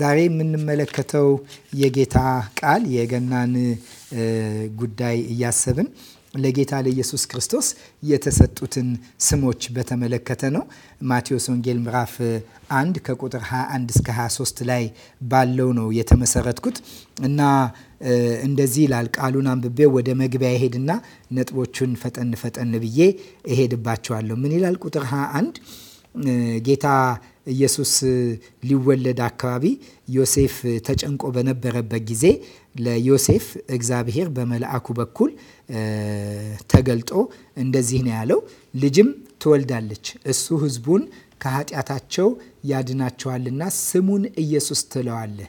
ዛሬ የምንመለከተው የጌታ ቃል የገናን ጉዳይ እያሰብን ለጌታ ለኢየሱስ ክርስቶስ የተሰጡትን ስሞች በተመለከተ ነው። ማቴዎስ ወንጌል ምዕራፍ 1 ከቁጥር 21 እስከ 23 ላይ ባለው ነው የተመሰረትኩት እና እንደዚህ ይላል። ቃሉን አንብቤ ወደ መግቢያ ይሄድና ነጥቦቹን ፈጠን ፈጠን ብዬ እሄድባቸዋለሁ። ምን ይላል? ቁጥር 21 ጌታ ኢየሱስ ሊወለድ አካባቢ ዮሴፍ ተጨንቆ በነበረበት ጊዜ ለዮሴፍ እግዚአብሔር በመልአኩ በኩል ተገልጦ እንደዚህ ነው ያለው፣ ልጅም ትወልዳለች፣ እሱ ሕዝቡን ከኃጢአታቸው ያድናቸዋልና ስሙን ኢየሱስ ትለዋለህ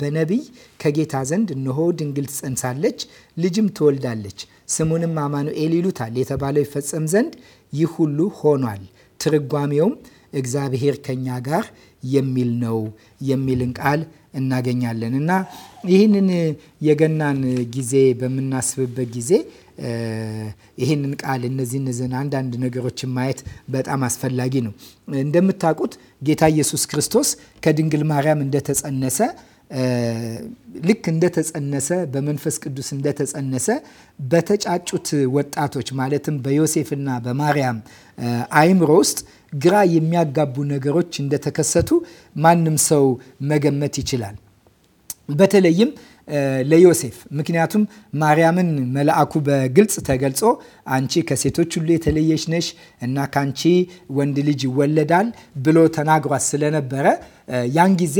በነቢይ ከጌታ ዘንድ እነሆ ድንግል ትጸንሳለች፣ ልጅም ትወልዳለች፣ ስሙንም አማኑኤል ይሉታል የተባለው ይፈጸም ዘንድ ይህ ሁሉ ሆኗል። ትርጓሜውም እግዚአብሔር ከኛ ጋር የሚል ነው የሚልን ቃል እናገኛለን እና ይህንን የገናን ጊዜ በምናስብበት ጊዜ ይህንን ቃል እነዚህ እነዚህን አንዳንድ ነገሮችን ማየት በጣም አስፈላጊ ነው። እንደምታውቁት ጌታ ኢየሱስ ክርስቶስ ከድንግል ማርያም እንደተጸነሰ ልክ እንደተጸነሰ በመንፈስ ቅዱስ እንደተጸነሰ በተጫጩት ወጣቶች ማለትም በዮሴፍና በማርያም አይምሮ ውስጥ ግራ የሚያጋቡ ነገሮች እንደተከሰቱ ማንም ሰው መገመት ይችላል። በተለይም ለዮሴፍ ምክንያቱም ማርያምን መልአኩ በግልጽ ተገልጾ አንቺ ከሴቶች ሁሉ የተለየች ነሽ እና ከአንቺ ወንድ ልጅ ይወለዳል ብሎ ተናግሯት ስለነበረ ያን ጊዜ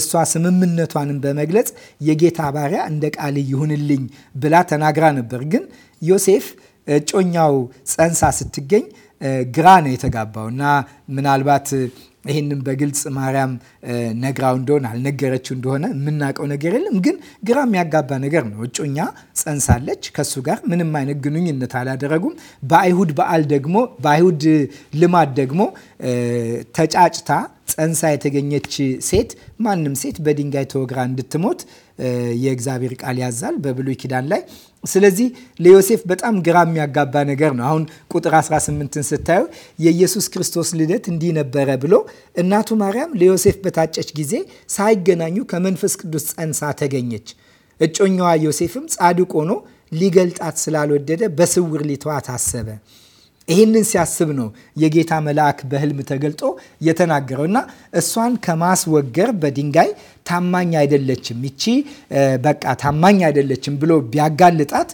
እሷ ስምምነቷንም በመግለጽ የጌታ ባሪያ እንደ ቃል ይሁንልኝ ብላ ተናግራ ነበር። ግን ዮሴፍ እጮኛው ጸንሳ ስትገኝ ግራ ነው የተጋባው እና ምናልባት ይህንም በግልጽ ማርያም ነግራው እንደሆነ አልነገረችው እንደሆነ የምናውቀው ነገር የለም። ግን ግራ የሚያጋባ ነገር ነው። እጮኛ ጸንሳለች። ከሱ ጋር ምንም አይነት ግንኙነት አላደረጉም። በአይሁድ በዓል ደግሞ በአይሁድ ልማድ ደግሞ ተጫጭታ ጸንሳ የተገኘች ሴት ማንም ሴት በድንጋይ ተወግራ እንድትሞት የእግዚአብሔር ቃል ያዛል በብሉይ ኪዳን ላይ። ስለዚህ ለዮሴፍ በጣም ግራ የሚያጋባ ነገር ነው። አሁን ቁጥር 18ን ስታዩ የኢየሱስ ክርስቶስ ልደት እንዲህ ነበረ ብሎ እናቱ ማርያም ለዮሴፍ በታጨች ጊዜ ሳይገናኙ ከመንፈስ ቅዱስ ጸንሳ ተገኘች። እጮኛዋ ዮሴፍም ጻድቅ ሆኖ ሊገልጣት ስላልወደደ በስውር ሊተዋት አሰበ። ይህንን ሲያስብ ነው የጌታ መልአክ በህልም ተገልጦ የተናገረው እና እሷን ከማስወገር በድንጋይ ታማኝ አይደለችም፣ ይቺ በቃ ታማኝ አይደለችም ብሎ ቢያጋልጣት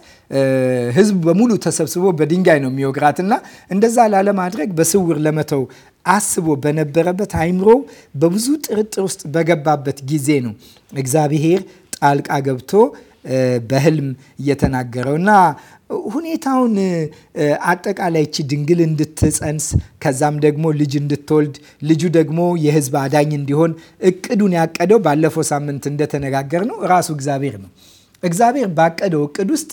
ህዝብ በሙሉ ተሰብስቦ በድንጋይ ነው የሚወግራትና እንደዛ ላለማድረግ በስውር ለመተው አስቦ በነበረበት አይምሮ በብዙ ጥርጥር ውስጥ በገባበት ጊዜ ነው እግዚአብሔር ጣልቃ ገብቶ በህልም እየተናገረው እና ሁኔታውን አጠቃላይ ድንግል እንድትጸንስ ከዛም ደግሞ ልጅ እንድትወልድ ልጁ ደግሞ የህዝብ አዳኝ እንዲሆን እቅዱን ያቀደው ባለፈው ሳምንት እንደተነጋገር ነው ራሱ እግዚአብሔር ነው። እግዚአብሔር ባቀደው እቅድ ውስጥ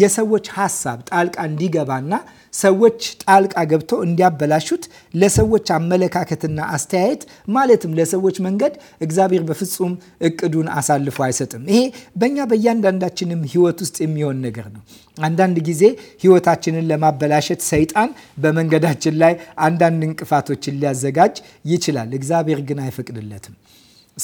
የሰዎች ሀሳብ ጣልቃ እንዲገባና ሰዎች ጣልቃ ገብተው እንዲያበላሹት ለሰዎች አመለካከትና አስተያየት ማለትም ለሰዎች መንገድ እግዚአብሔር በፍጹም እቅዱን አሳልፎ አይሰጥም። ይሄ በእኛ በእያንዳንዳችንም ሕይወት ውስጥ የሚሆን ነገር ነው። አንዳንድ ጊዜ ሕይወታችንን ለማበላሸት ሰይጣን በመንገዳችን ላይ አንዳንድ እንቅፋቶችን ሊያዘጋጅ ይችላል። እግዚአብሔር ግን አይፈቅድለትም።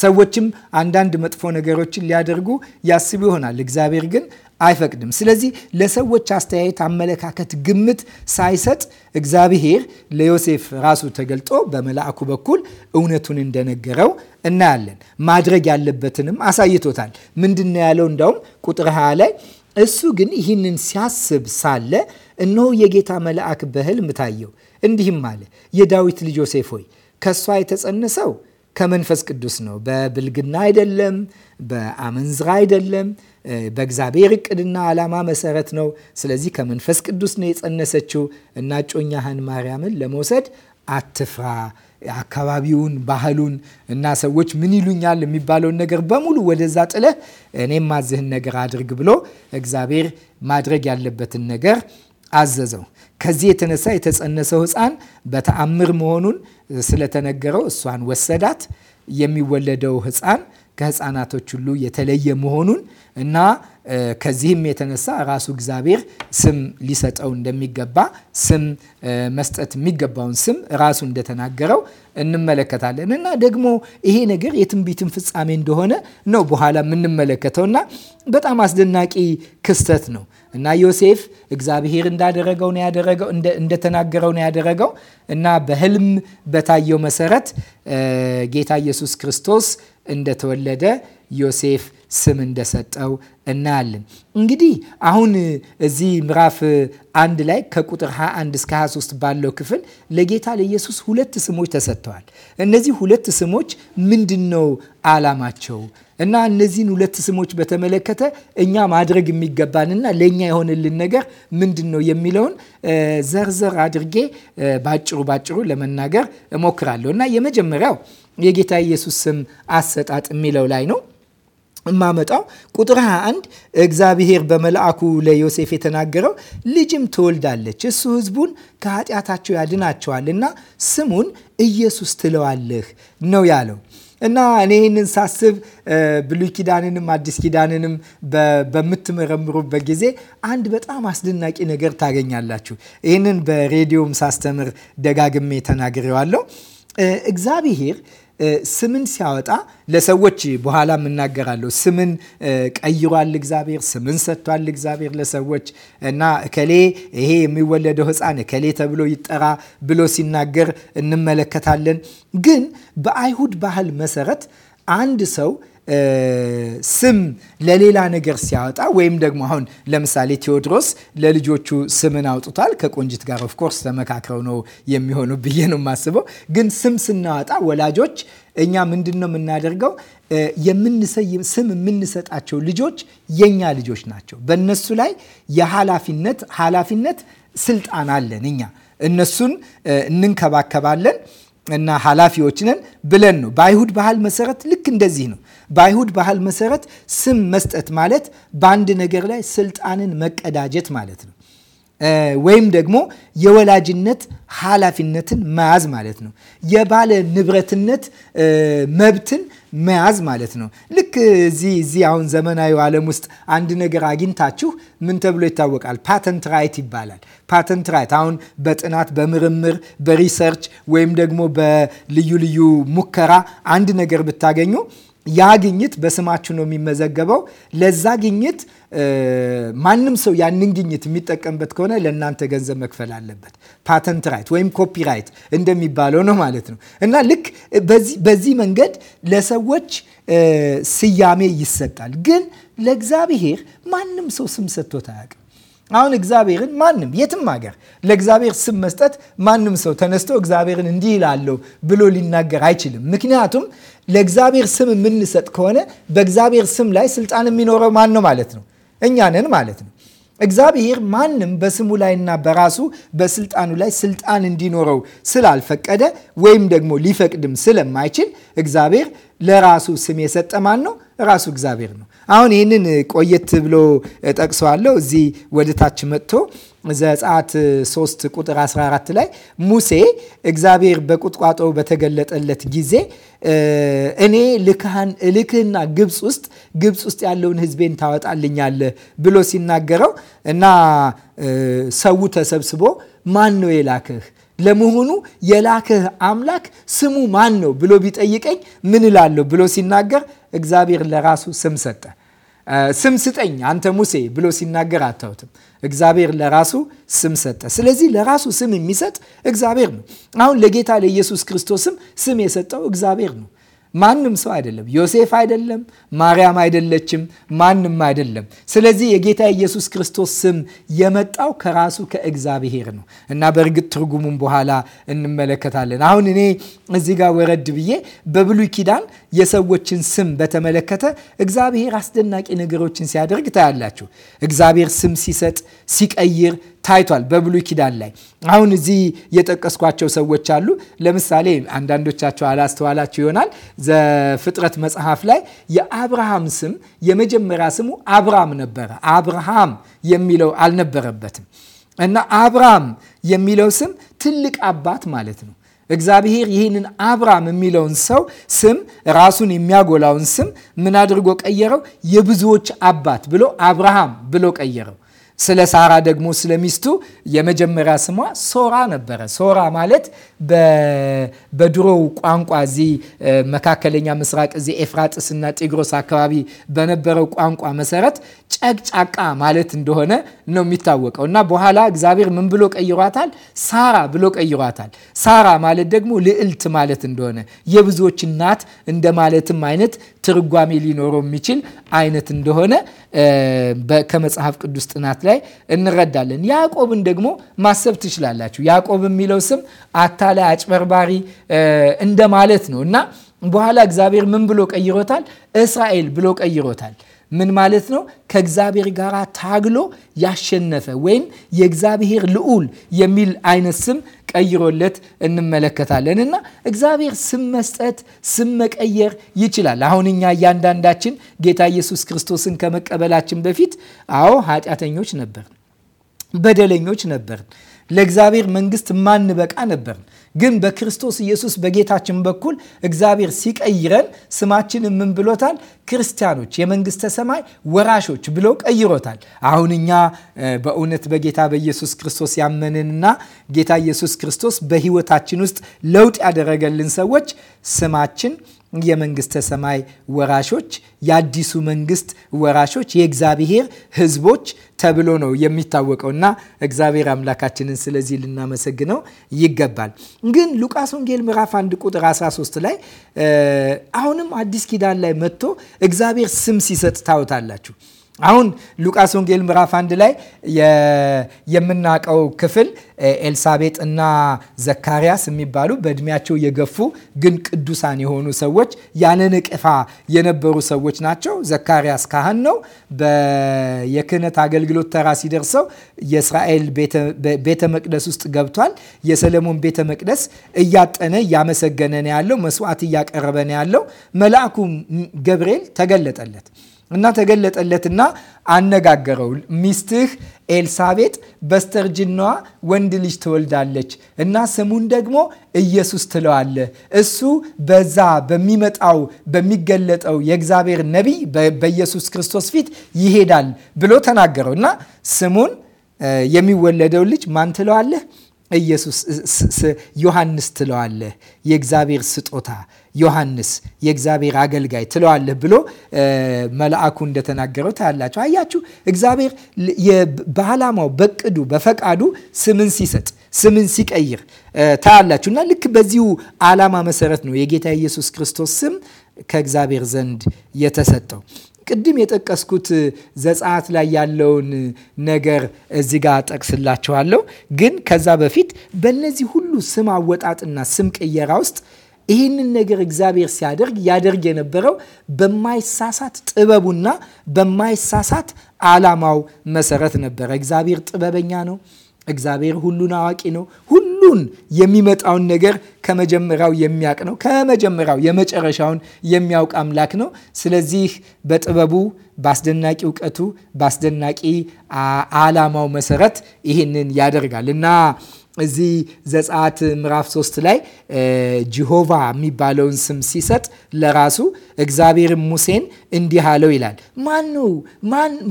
ሰዎችም አንዳንድ መጥፎ ነገሮችን ሊያደርጉ ያስቡ ይሆናል። እግዚአብሔር ግን አይፈቅድም። ስለዚህ ለሰዎች አስተያየት፣ አመለካከት፣ ግምት ሳይሰጥ እግዚአብሔር ለዮሴፍ ራሱ ተገልጦ በመልአኩ በኩል እውነቱን እንደነገረው እናያለን። ማድረግ ያለበትንም አሳይቶታል። ምንድን ነው ያለው? እንዳውም ቁጥር 20 ላይ እሱ ግን ይህንን ሲያስብ ሳለ እነሆ የጌታ መልአክ በሕልም ታየው፣ እንዲህም አለ የዳዊት ልጅ ዮሴፍ ሆይ ከእሷ የተጸነሰው ከመንፈስ ቅዱስ ነው። በብልግና አይደለም፣ በአመንዝራ አይደለም፣ በእግዚአብሔር እቅድና ዓላማ መሰረት ነው። ስለዚህ ከመንፈስ ቅዱስ ነው የጸነሰችው እና ጮኛህን ማርያምን ለመውሰድ አትፍራ። አካባቢውን፣ ባህሉን እና ሰዎች ምን ይሉኛል የሚባለውን ነገር በሙሉ ወደዛ ጥለህ እኔም ማዝህን ነገር አድርግ ብሎ እግዚአብሔር ማድረግ ያለበትን ነገር አዘዘው። ከዚህ የተነሳ የተጸነሰው ህፃን በተአምር መሆኑን ስለተነገረው እሷን ወሰዳት። የሚወለደው ህፃን ከህፃናቶች ሁሉ የተለየ መሆኑን እና ከዚህም የተነሳ ራሱ እግዚአብሔር ስም ሊሰጠው እንደሚገባ ስም መስጠት የሚገባውን ስም ራሱ እንደተናገረው እንመለከታለን እና ደግሞ ይሄ ነገር የትንቢትን ፍጻሜ እንደሆነ ነው በኋላ የምንመለከተው እና በጣም አስደናቂ ክስተት ነው። እና ዮሴፍ እግዚአብሔር እንዳደረገው ነው ያደረገው እንደተናገረው ነው ያደረገው እና በህልም በታየው መሰረት ጌታ ኢየሱስ ክርስቶስ እንደተወለደ ዮሴፍ ስም እንደሰጠው እናያለን። እንግዲህ አሁን እዚህ ምዕራፍ አንድ ላይ ከቁጥር 21 እስከ 23 ባለው ክፍል ለጌታ ለኢየሱስ ሁለት ስሞች ተሰጥተዋል። እነዚህ ሁለት ስሞች ምንድን ነው አላማቸው? እና እነዚህን ሁለት ስሞች በተመለከተ እኛ ማድረግ የሚገባንና ለእኛ የሆነልን ነገር ምንድን ነው የሚለውን ዘርዘር አድርጌ ባጭሩ ባጭሩ ለመናገር እሞክራለሁ እና የመጀመሪያው የጌታ ኢየሱስ ስም አሰጣጥ የሚለው ላይ ነው እማመጣው ቁጥር 21 እግዚአብሔር በመልአኩ ለዮሴፍ የተናገረው ልጅም ትወልዳለች፣ እሱ ህዝቡን ከኃጢአታቸው ያድናቸዋል እና ስሙን ኢየሱስ ትለዋለህ ነው ያለው። እና እኔ ይህንን ሳስብ ብሉይ ኪዳንንም አዲስ ኪዳንንም በምትመረምሩበት ጊዜ አንድ በጣም አስደናቂ ነገር ታገኛላችሁ። ይህንን በሬዲዮም ሳስተምር ደጋግሜ ተናግሬዋለሁ። እግዚአብሔር ስምን ሲያወጣ ለሰዎች በኋላ የምናገራለሁ። ስምን ቀይሯል እግዚአብሔር፣ ስምን ሰጥቷል እግዚአብሔር ለሰዎች እና እከሌ ይሄ የሚወለደው ሕፃን እከሌ ተብሎ ይጠራ ብሎ ሲናገር እንመለከታለን። ግን በአይሁድ ባህል መሰረት አንድ ሰው ስም ለሌላ ነገር ሲያወጣ ወይም ደግሞ አሁን ለምሳሌ ቴዎድሮስ ለልጆቹ ስምን አውጥቷል። ከቆንጅት ጋር ኦፍኮርስ ተመካክረው ነው የሚሆኑ ብዬ ነው የማስበው። ግን ስም ስናወጣ ወላጆች እኛ ምንድን ነው የምናደርገው? የምንሰይም ስም የምንሰጣቸው ልጆች የኛ ልጆች ናቸው። በእነሱ ላይ የኃላፊነት ኃላፊነት ስልጣን አለን። እኛ እነሱን እንንከባከባለን እና ኃላፊዎች ነን ብለን ነው። በአይሁድ ባህል መሰረት ልክ እንደዚህ ነው። በአይሁድ ባህል መሰረት ስም መስጠት ማለት በአንድ ነገር ላይ ስልጣንን መቀዳጀት ማለት ነው ወይም ደግሞ የወላጅነት ኃላፊነትን መያዝ ማለት ነው። የባለ ንብረትነት መብትን መያዝ ማለት ነው። ልክ እዚህ እዚህ አሁን ዘመናዊ ዓለም ውስጥ አንድ ነገር አግኝታችሁ ምን ተብሎ ይታወቃል? ፓተንት ራይት ይባላል። ፓተንት ራይት አሁን በጥናት በምርምር በሪሰርች ወይም ደግሞ በልዩ ልዩ ሙከራ አንድ ነገር ብታገኙ ያ ግኝት በስማችሁ ነው የሚመዘገበው። ለዛ ግኝት ማንም ሰው ያንን ግኝት የሚጠቀምበት ከሆነ ለእናንተ ገንዘብ መክፈል አለበት። ፓተንት ራይት ወይም ኮፒራይት እንደሚባለው ነው ማለት ነው። እና ልክ በዚህ መንገድ ለሰዎች ስያሜ ይሰጣል። ግን ለእግዚአብሔር ማንም ሰው ስም ሰጥቶት አያውቅም። አሁን እግዚአብሔርን ማንም የትም ሀገር ለእግዚአብሔር ስም መስጠት ማንም ሰው ተነስቶ እግዚአብሔርን እንዲህ ይላለው ብሎ ሊናገር አይችልም። ምክንያቱም ለእግዚአብሔር ስም የምንሰጥ ከሆነ በእግዚአብሔር ስም ላይ ስልጣን የሚኖረው ማን ነው ማለት ነው? እኛንን ማለት ነው። እግዚአብሔር ማንም በስሙ ላይና በራሱ በስልጣኑ ላይ ስልጣን እንዲኖረው ስላልፈቀደ ወይም ደግሞ ሊፈቅድም ስለማይችል እግዚአብሔር ለራሱ ስም የሰጠ ማን ነው? ራሱ እግዚአብሔር ነው። አሁን ይህንን ቆየት ብሎ ጠቅሰዋለሁ። እዚህ ወደ ታች መጥቶ ዘጸአት 3 ቁጥር 14 ላይ ሙሴ እግዚአብሔር በቁጥቋጦ በተገለጠለት ጊዜ እኔ ልክህና ግብፅ ውስጥ ግብፅ ውስጥ ያለውን ህዝቤን ታወጣልኛለህ ብሎ ሲናገረው እና ሰው ተሰብስቦ ማን ነው የላክህ ለመሆኑ የላክህ አምላክ ስሙ ማን ነው ብሎ ቢጠይቀኝ ምን እላለሁ ብሎ ሲናገር እግዚአብሔር ለራሱ ስም ሰጠ። ስም ስጠኝ አንተ ሙሴ ብሎ ሲናገር አታውትም። እግዚአብሔር ለራሱ ስም ሰጠ። ስለዚህ ለራሱ ስም የሚሰጥ እግዚአብሔር ነው። አሁን ለጌታ ለኢየሱስ ክርስቶስም ስም የሰጠው እግዚአብሔር ነው። ማንም ሰው አይደለም። ዮሴፍ አይደለም፣ ማርያም አይደለችም፣ ማንም አይደለም። ስለዚህ የጌታ ኢየሱስ ክርስቶስ ስም የመጣው ከራሱ ከእግዚአብሔር ነው እና በእርግጥ ትርጉሙን በኋላ እንመለከታለን። አሁን እኔ እዚህ ጋር ወረድ ብዬ በብሉይ ኪዳን የሰዎችን ስም በተመለከተ እግዚአብሔር አስደናቂ ነገሮችን ሲያደርግ ታያላችሁ። እግዚአብሔር ስም ሲሰጥ፣ ሲቀይር ታይቷል በብሉይ ኪዳን ላይ። አሁን እዚህ የጠቀስኳቸው ሰዎች አሉ። ለምሳሌ አንዳንዶቻቸው አላስተዋላቸው ይሆናል። ዘፍጥረት መጽሐፍ ላይ የአብርሃም ስም የመጀመሪያ ስሙ አብራም ነበረ። አብርሃም የሚለው አልነበረበትም እና አብራም የሚለው ስም ትልቅ አባት ማለት ነው። እግዚአብሔር ይህንን አብራም የሚለውን ሰው ስም ራሱን የሚያጎላውን ስም ምን አድርጎ ቀየረው? የብዙዎች አባት ብሎ አብርሃም ብሎ ቀየረው። ስለ ሳራ ደግሞ ስለ ሚስቱ የመጀመሪያ ስሟ ሶራ ነበረ። ሶራ ማለት በድሮው ቋንቋ እዚህ መካከለኛ ምስራቅ እዚህ ኤፍራጥስ እና ጢግሮስ አካባቢ በነበረው ቋንቋ መሰረት ጨቅጫቃ ማለት እንደሆነ ነው የሚታወቀው እና በኋላ እግዚአብሔር ምን ብሎ ቀይሯታል? ሳራ ብሎ ቀይሯታል። ሳራ ማለት ደግሞ ልዕልት ማለት እንደሆነ የብዙዎች እናት እንደማለትም አይነት ትርጓሜ ሊኖረው የሚችል አይነት እንደሆነ ከመጽሐፍ ቅዱስ ጥናት ላይ እንረዳለን። ያዕቆብን ደግሞ ማሰብ ትችላላችሁ። ያዕቆብ የሚለው ስም አታ ላይ አጭበርባሪ እንደማለት ነው እና በኋላ እግዚአብሔር ምን ብሎ ቀይሮታል? እስራኤል ብሎ ቀይሮታል። ምን ማለት ነው? ከእግዚአብሔር ጋር ታግሎ ያሸነፈ ወይም የእግዚአብሔር ልዑል የሚል አይነት ስም ቀይሮለት እንመለከታለን። እና እግዚአብሔር ስም መስጠት፣ ስም መቀየር ይችላል። አሁን እኛ እያንዳንዳችን ጌታ ኢየሱስ ክርስቶስን ከመቀበላችን በፊት አዎ ኃጢአተኞች ነበርን፣ በደለኞች ነበርን፣ ለእግዚአብሔር መንግስት ማንበቃ ነበርን። ግን በክርስቶስ ኢየሱስ በጌታችን በኩል እግዚአብሔር ሲቀይረን ስማችን ምን ብሎታል? ክርስቲያኖች የመንግስተ ሰማይ ወራሾች ብሎ ቀይሮታል። አሁን እኛ በእውነት በጌታ በኢየሱስ ክርስቶስ ያመንንና ጌታ ኢየሱስ ክርስቶስ በህይወታችን ውስጥ ለውጥ ያደረገልን ሰዎች ስማችን የመንግስተ ሰማይ ወራሾች፣ የአዲሱ መንግስት ወራሾች፣ የእግዚአብሔር ህዝቦች ተብሎ ነው የሚታወቀው እና እግዚአብሔር አምላካችንን ስለዚህ ልናመሰግነው ይገባል። ግን ሉቃስ ወንጌል ምዕራፍ 1 ቁጥር 13 ላይ አሁንም አዲስ ኪዳን ላይ መጥቶ እግዚአብሔር ስም ሲሰጥ ታወታላችሁ አሁን ሉቃስ ወንጌል ምዕራፍ አንድ ላይ የምናውቀው ክፍል ኤልሳቤጥ እና ዘካርያስ የሚባሉ በእድሜያቸው የገፉ ግን ቅዱሳን የሆኑ ሰዎች ያለ ነቀፋ የነበሩ ሰዎች ናቸው። ዘካርያስ ካህን ነው። የክህነት አገልግሎት ተራ ሲደርሰው የእስራኤል ቤተ መቅደስ ውስጥ ገብቷል። የሰለሞን ቤተ መቅደስ እያጠነ እያመሰገነ ነው ያለው፣ መስዋዕት እያቀረበ ነው ያለው። መልአኩ ገብርኤል ተገለጠለት። እና ተገለጠለትና አነጋገረው። ሚስትህ ኤልሳቤጥ በስተርጅናዋ ወንድ ልጅ ትወልዳለች እና ስሙን ደግሞ ኢየሱስ ትለዋለህ። እሱ በዛ በሚመጣው በሚገለጠው የእግዚአብሔር ነቢይ በኢየሱስ ክርስቶስ ፊት ይሄዳል ብሎ ተናገረው እና ስሙን የሚወለደው ልጅ ማን ትለዋለህ? ኢየሱስ ዮሐንስ ትለዋለህ። የእግዚአብሔር ስጦታ ዮሐንስ የእግዚአብሔር አገልጋይ ትለዋለህ ብሎ መልአኩ እንደተናገረው ታያላችሁ። አያችሁ እግዚአብሔር በዓላማው በቅዱ በፈቃዱ ስምን ሲሰጥ ስምን ሲቀይር ታያላችሁ። እና ልክ በዚሁ ዓላማ መሰረት ነው የጌታ ኢየሱስ ክርስቶስ ስም ከእግዚአብሔር ዘንድ የተሰጠው። ቅድም የጠቀስኩት ዘጸአት ላይ ያለውን ነገር እዚህ ጋር ጠቅስላችኋለሁ። ግን ከዛ በፊት በእነዚህ ሁሉ ስም አወጣጥና ስም ቅየራ ውስጥ ይህንን ነገር እግዚአብሔር ሲያደርግ ያደርግ የነበረው በማይሳሳት ጥበቡና በማይሳሳት ዓላማው መሰረት ነበረ። እግዚአብሔር ጥበበኛ ነው። እግዚአብሔር ሁሉን አዋቂ ነው። ሁሉን የሚመጣውን ነገር ከመጀመሪያው የሚያውቅ ነው። ከመጀመሪያው የመጨረሻውን የሚያውቅ አምላክ ነው። ስለዚህ በጥበቡ በአስደናቂ እውቀቱ፣ በአስደናቂ ዓላማው መሰረት ይህንን ያደርጋል እና እዚህ ዘጸአት ምዕራፍ ሶስት ላይ ጂሆቫ የሚባለውን ስም ሲሰጥ ለራሱ እግዚአብሔር ሙሴን እንዲህ አለው ይላል። ማን ነው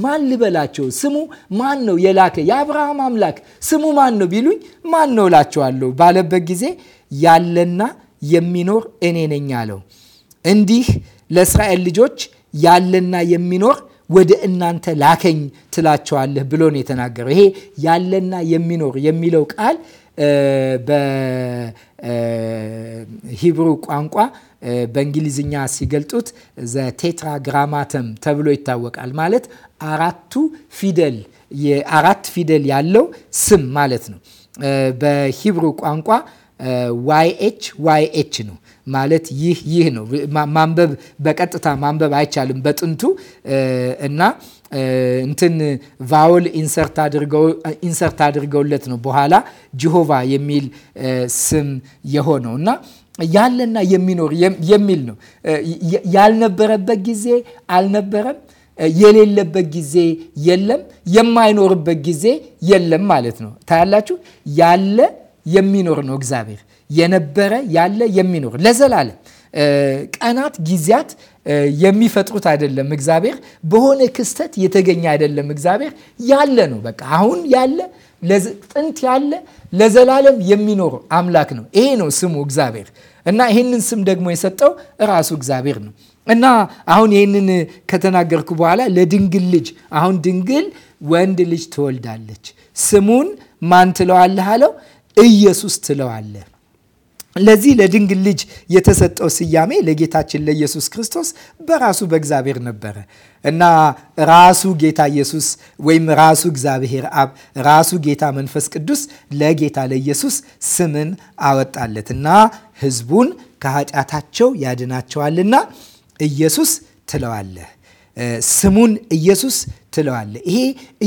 ማን ልበላቸው? ስሙ ማን ነው የላከ የአብርሃም አምላክ ስሙ ማን ነው ቢሉኝ ማን ነው እላቸዋለሁ ባለበት ጊዜ ያለና የሚኖር እኔ ነኝ አለው። እንዲህ ለእስራኤል ልጆች ያለና የሚኖር ወደ እናንተ ላከኝ ትላቸዋለህ ብሎ ነው የተናገረው። ይሄ ያለና የሚኖር የሚለው ቃል በሂብሩ ቋንቋ በእንግሊዝኛ ሲገልጡት ዘ ቴትራግራማተም ተብሎ ይታወቃል። ማለት አራቱ ፊደል አራት ፊደል ያለው ስም ማለት ነው። በሂብሩ ቋንቋ ዋይ ኤች ዋይ ኤች ነው። ማለት ይህ ይህ ነው። ማንበብ በቀጥታ ማንበብ አይቻልም በጥንቱ እና እንትን ቫውል ኢንሰርት አድርገውለት ነው በኋላ ጂሆቫ የሚል ስም የሆነው እና ያለና የሚኖር የሚል ነው። ያልነበረበት ጊዜ አልነበረም፣ የሌለበት ጊዜ የለም፣ የማይኖርበት ጊዜ የለም ማለት ነው። ታያላችሁ፣ ያለ የሚኖር ነው እግዚአብሔር የነበረ ያለ የሚኖር ለዘላለም ቀናት፣ ጊዜያት የሚፈጥሩት አይደለም። እግዚአብሔር በሆነ ክስተት የተገኘ አይደለም። እግዚአብሔር ያለ ነው። በቃ አሁን ያለ ጥንት ያለ ለዘላለም የሚኖር አምላክ ነው። ይሄ ነው ስሙ እግዚአብሔር እና ይህንን ስም ደግሞ የሰጠው ራሱ እግዚአብሔር ነው እና አሁን ይህንን ከተናገርኩ በኋላ ለድንግል ልጅ አሁን ድንግል ወንድ ልጅ ትወልዳለች። ስሙን ማን ትለዋለህ አለው? ኢየሱስ ትለዋለህ ለዚህ ለድንግል ልጅ የተሰጠው ስያሜ ለጌታችን ለኢየሱስ ክርስቶስ በራሱ በእግዚአብሔር ነበረ እና ራሱ ጌታ ኢየሱስ ወይም ራሱ እግዚአብሔር አብ ራሱ ጌታ መንፈስ ቅዱስ ለጌታ ለኢየሱስ ስምን አወጣለት እና ህዝቡን ከኃጢአታቸው ያድናቸዋልና ኢየሱስ ትለዋለህ ስሙን ኢየሱስ ትለዋለ። ይሄ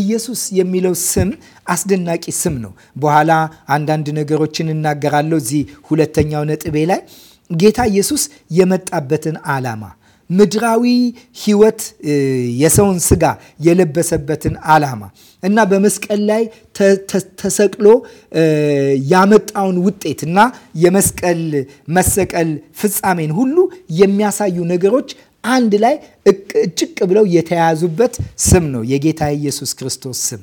ኢየሱስ የሚለው ስም አስደናቂ ስም ነው። በኋላ አንዳንድ ነገሮችን እናገራለሁ እዚህ ሁለተኛው ነጥቤ ላይ ጌታ ኢየሱስ የመጣበትን ዓላማ ምድራዊ ሕይወት የሰውን ስጋ የለበሰበትን ዓላማ እና በመስቀል ላይ ተሰቅሎ ያመጣውን ውጤት እና የመስቀል መሰቀል ፍጻሜን ሁሉ የሚያሳዩ ነገሮች አንድ ላይ እጭቅ ብለው የተያዙበት ስም ነው የጌታ ኢየሱስ ክርስቶስ ስም።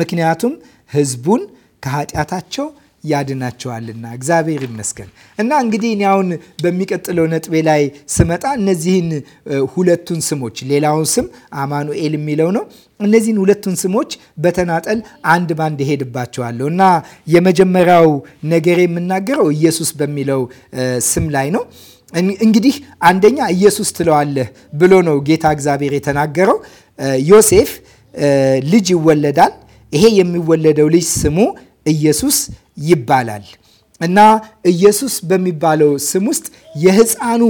ምክንያቱም ህዝቡን ከኃጢአታቸው ያድናቸዋልና እግዚአብሔር ይመስገን። እና እንግዲህ እኔ አሁን በሚቀጥለው ነጥቤ ላይ ስመጣ እነዚህን ሁለቱን ስሞች ሌላውን ስም አማኑኤል የሚለው ነው። እነዚህን ሁለቱን ስሞች በተናጠል አንድ ባንድ እሄድባቸዋለሁ እና የመጀመሪያው ነገር የምናገረው ኢየሱስ በሚለው ስም ላይ ነው። እንግዲህ አንደኛ ኢየሱስ ትለዋለህ ብሎ ነው ጌታ እግዚአብሔር የተናገረው። ዮሴፍ ልጅ ይወለዳል። ይሄ የሚወለደው ልጅ ስሙ ኢየሱስ ይባላል እና ኢየሱስ በሚባለው ስም ውስጥ የህፃኑ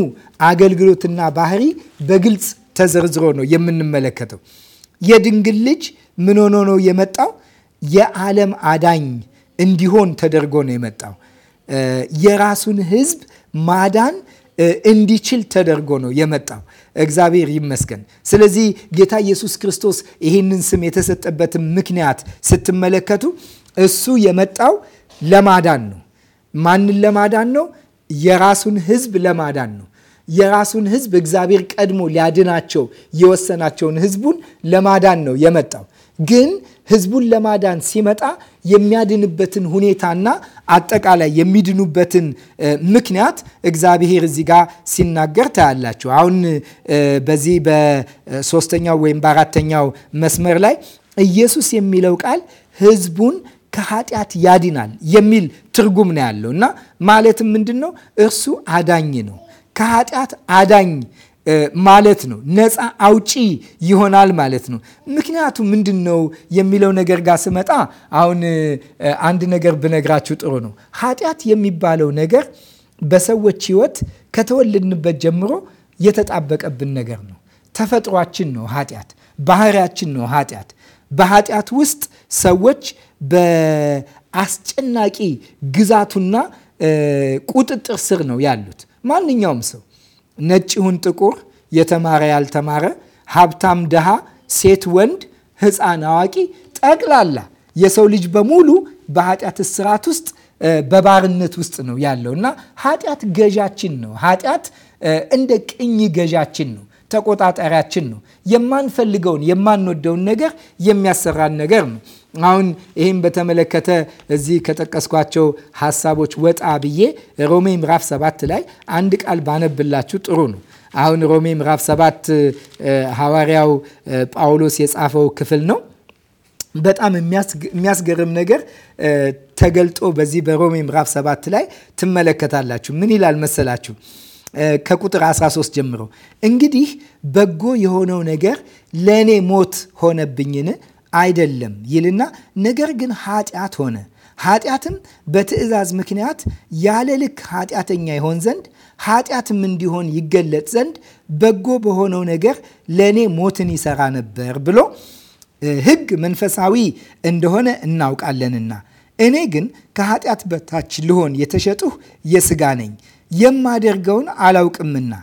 አገልግሎትና ባህሪ በግልጽ ተዘርዝሮ ነው የምንመለከተው። የድንግል ልጅ ምን ሆኖ ነው የመጣው? የዓለም አዳኝ እንዲሆን ተደርጎ ነው የመጣው። የራሱን ህዝብ ማዳን እንዲችል ተደርጎ ነው የመጣው። እግዚአብሔር ይመስገን። ስለዚህ ጌታ ኢየሱስ ክርስቶስ ይህንን ስም የተሰጠበትን ምክንያት ስትመለከቱ እሱ የመጣው ለማዳን ነው። ማንን ለማዳን ነው? የራሱን ሕዝብ ለማዳን ነው። የራሱን ሕዝብ እግዚአብሔር ቀድሞ ሊያድናቸው የወሰናቸውን ሕዝቡን ለማዳን ነው የመጣው። ግን ህዝቡን ለማዳን ሲመጣ የሚያድንበትን ሁኔታና አጠቃላይ የሚድኑበትን ምክንያት እግዚአብሔር እዚህ ጋር ሲናገር ታያላችሁ። አሁን በዚህ በሶስተኛው ወይም በአራተኛው መስመር ላይ ኢየሱስ የሚለው ቃል ህዝቡን ከኃጢአት ያድናል የሚል ትርጉም ነው ያለው እና ማለትም ምንድን ነው? እርሱ አዳኝ ነው። ከኃጢአት አዳኝ ማለት ነው። ነፃ አውጪ ይሆናል ማለት ነው። ምክንያቱም ምንድን ነው የሚለው ነገር ጋር ስመጣ አሁን አንድ ነገር ብነግራችሁ ጥሩ ነው። ኃጢአት የሚባለው ነገር በሰዎች ሕይወት ከተወለድንበት ጀምሮ የተጣበቀብን ነገር ነው። ተፈጥሯችን ነው ኃጢአት፣ ባህሪያችን ነው ኃጢአት። በኃጢአት ውስጥ ሰዎች በአስጨናቂ ግዛቱና ቁጥጥር ስር ነው ያሉት ማንኛውም ሰው ነጭ ይሁን ጥቁር፣ የተማረ ያልተማረ፣ ሀብታም ድሃ፣ ሴት ወንድ፣ ህፃን አዋቂ፣ ጠቅላላ የሰው ልጅ በሙሉ በኃጢአት እስራት ውስጥ በባርነት ውስጥ ነው ያለው እና ኃጢአት ገዣችን ነው። ኃጢአት እንደ ቅኝ ገዣችን ነው፣ ተቆጣጣሪያችን ነው። የማንፈልገውን የማንወደውን ነገር የሚያሰራን ነገር ነው። አሁን ይህም በተመለከተ እዚህ ከጠቀስኳቸው ሀሳቦች ወጣ ብዬ ሮሜ ምዕራፍ ሰባት ላይ አንድ ቃል ባነብላችሁ ጥሩ ነው። አሁን ሮሜ ምዕራፍ ሰባት ሐዋርያው ጳውሎስ የጻፈው ክፍል ነው። በጣም የሚያስገርም ነገር ተገልጦ በዚህ በሮሜ ምዕራፍ ሰባት ላይ ትመለከታላችሁ። ምን ይላል መሰላችሁ? ከቁጥር 13 ጀምሮ እንግዲህ በጎ የሆነው ነገር ለእኔ ሞት ሆነብኝን አይደለም ይልና ነገር ግን ኃጢአት ሆነ። ኃጢአትም በትእዛዝ ምክንያት ያለ ልክ ኃጢአተኛ ይሆን ዘንድ ኃጢአትም እንዲሆን ይገለጥ ዘንድ በጎ በሆነው ነገር ለእኔ ሞትን ይሰራ ነበር ብሎ ሕግ መንፈሳዊ እንደሆነ እናውቃለንና እኔ ግን ከኃጢአት በታች ልሆን የተሸጥሁ የሥጋ ነኝ። የማደርገውን አላውቅምና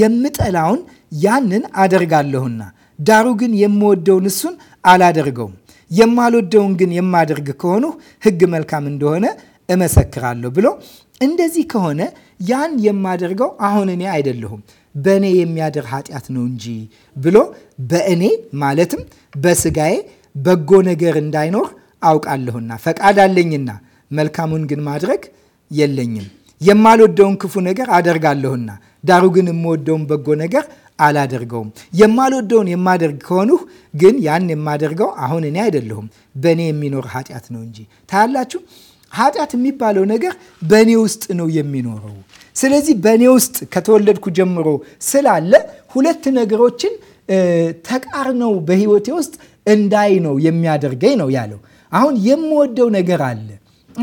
የምጠላውን ያንን አደርጋለሁና ዳሩ ግን የምወደውን እሱን አላደርገውም። የማልወደውን ግን የማደርግ ከሆኑ ሕግ መልካም እንደሆነ እመሰክራለሁ ብሎ እንደዚህ ከሆነ ያን የማደርገው አሁን እኔ አይደለሁም በእኔ የሚያደር ኃጢአት ነው እንጂ ብሎ በእኔ ማለትም በስጋዬ በጎ ነገር እንዳይኖር አውቃለሁና ፈቃድ አለኝና መልካሙን ግን ማድረግ የለኝም የማልወደውን ክፉ ነገር አደርጋለሁና ዳሩ ግን የምወደውን በጎ ነገር አላደርገውም። የማልወደውን የማደርግ ከሆንሁ ግን ያን የማደርገው አሁን እኔ አይደለሁም በእኔ የሚኖር ኃጢአት ነው እንጂ። ታያላችሁ፣ ኃጢአት የሚባለው ነገር በእኔ ውስጥ ነው የሚኖረው። ስለዚህ በእኔ ውስጥ ከተወለድኩ ጀምሮ ስላለ ሁለት ነገሮችን ተቃርነው በህይወቴ ውስጥ እንዳይ ነው የሚያደርገኝ ነው ያለው። አሁን የምወደው ነገር አለ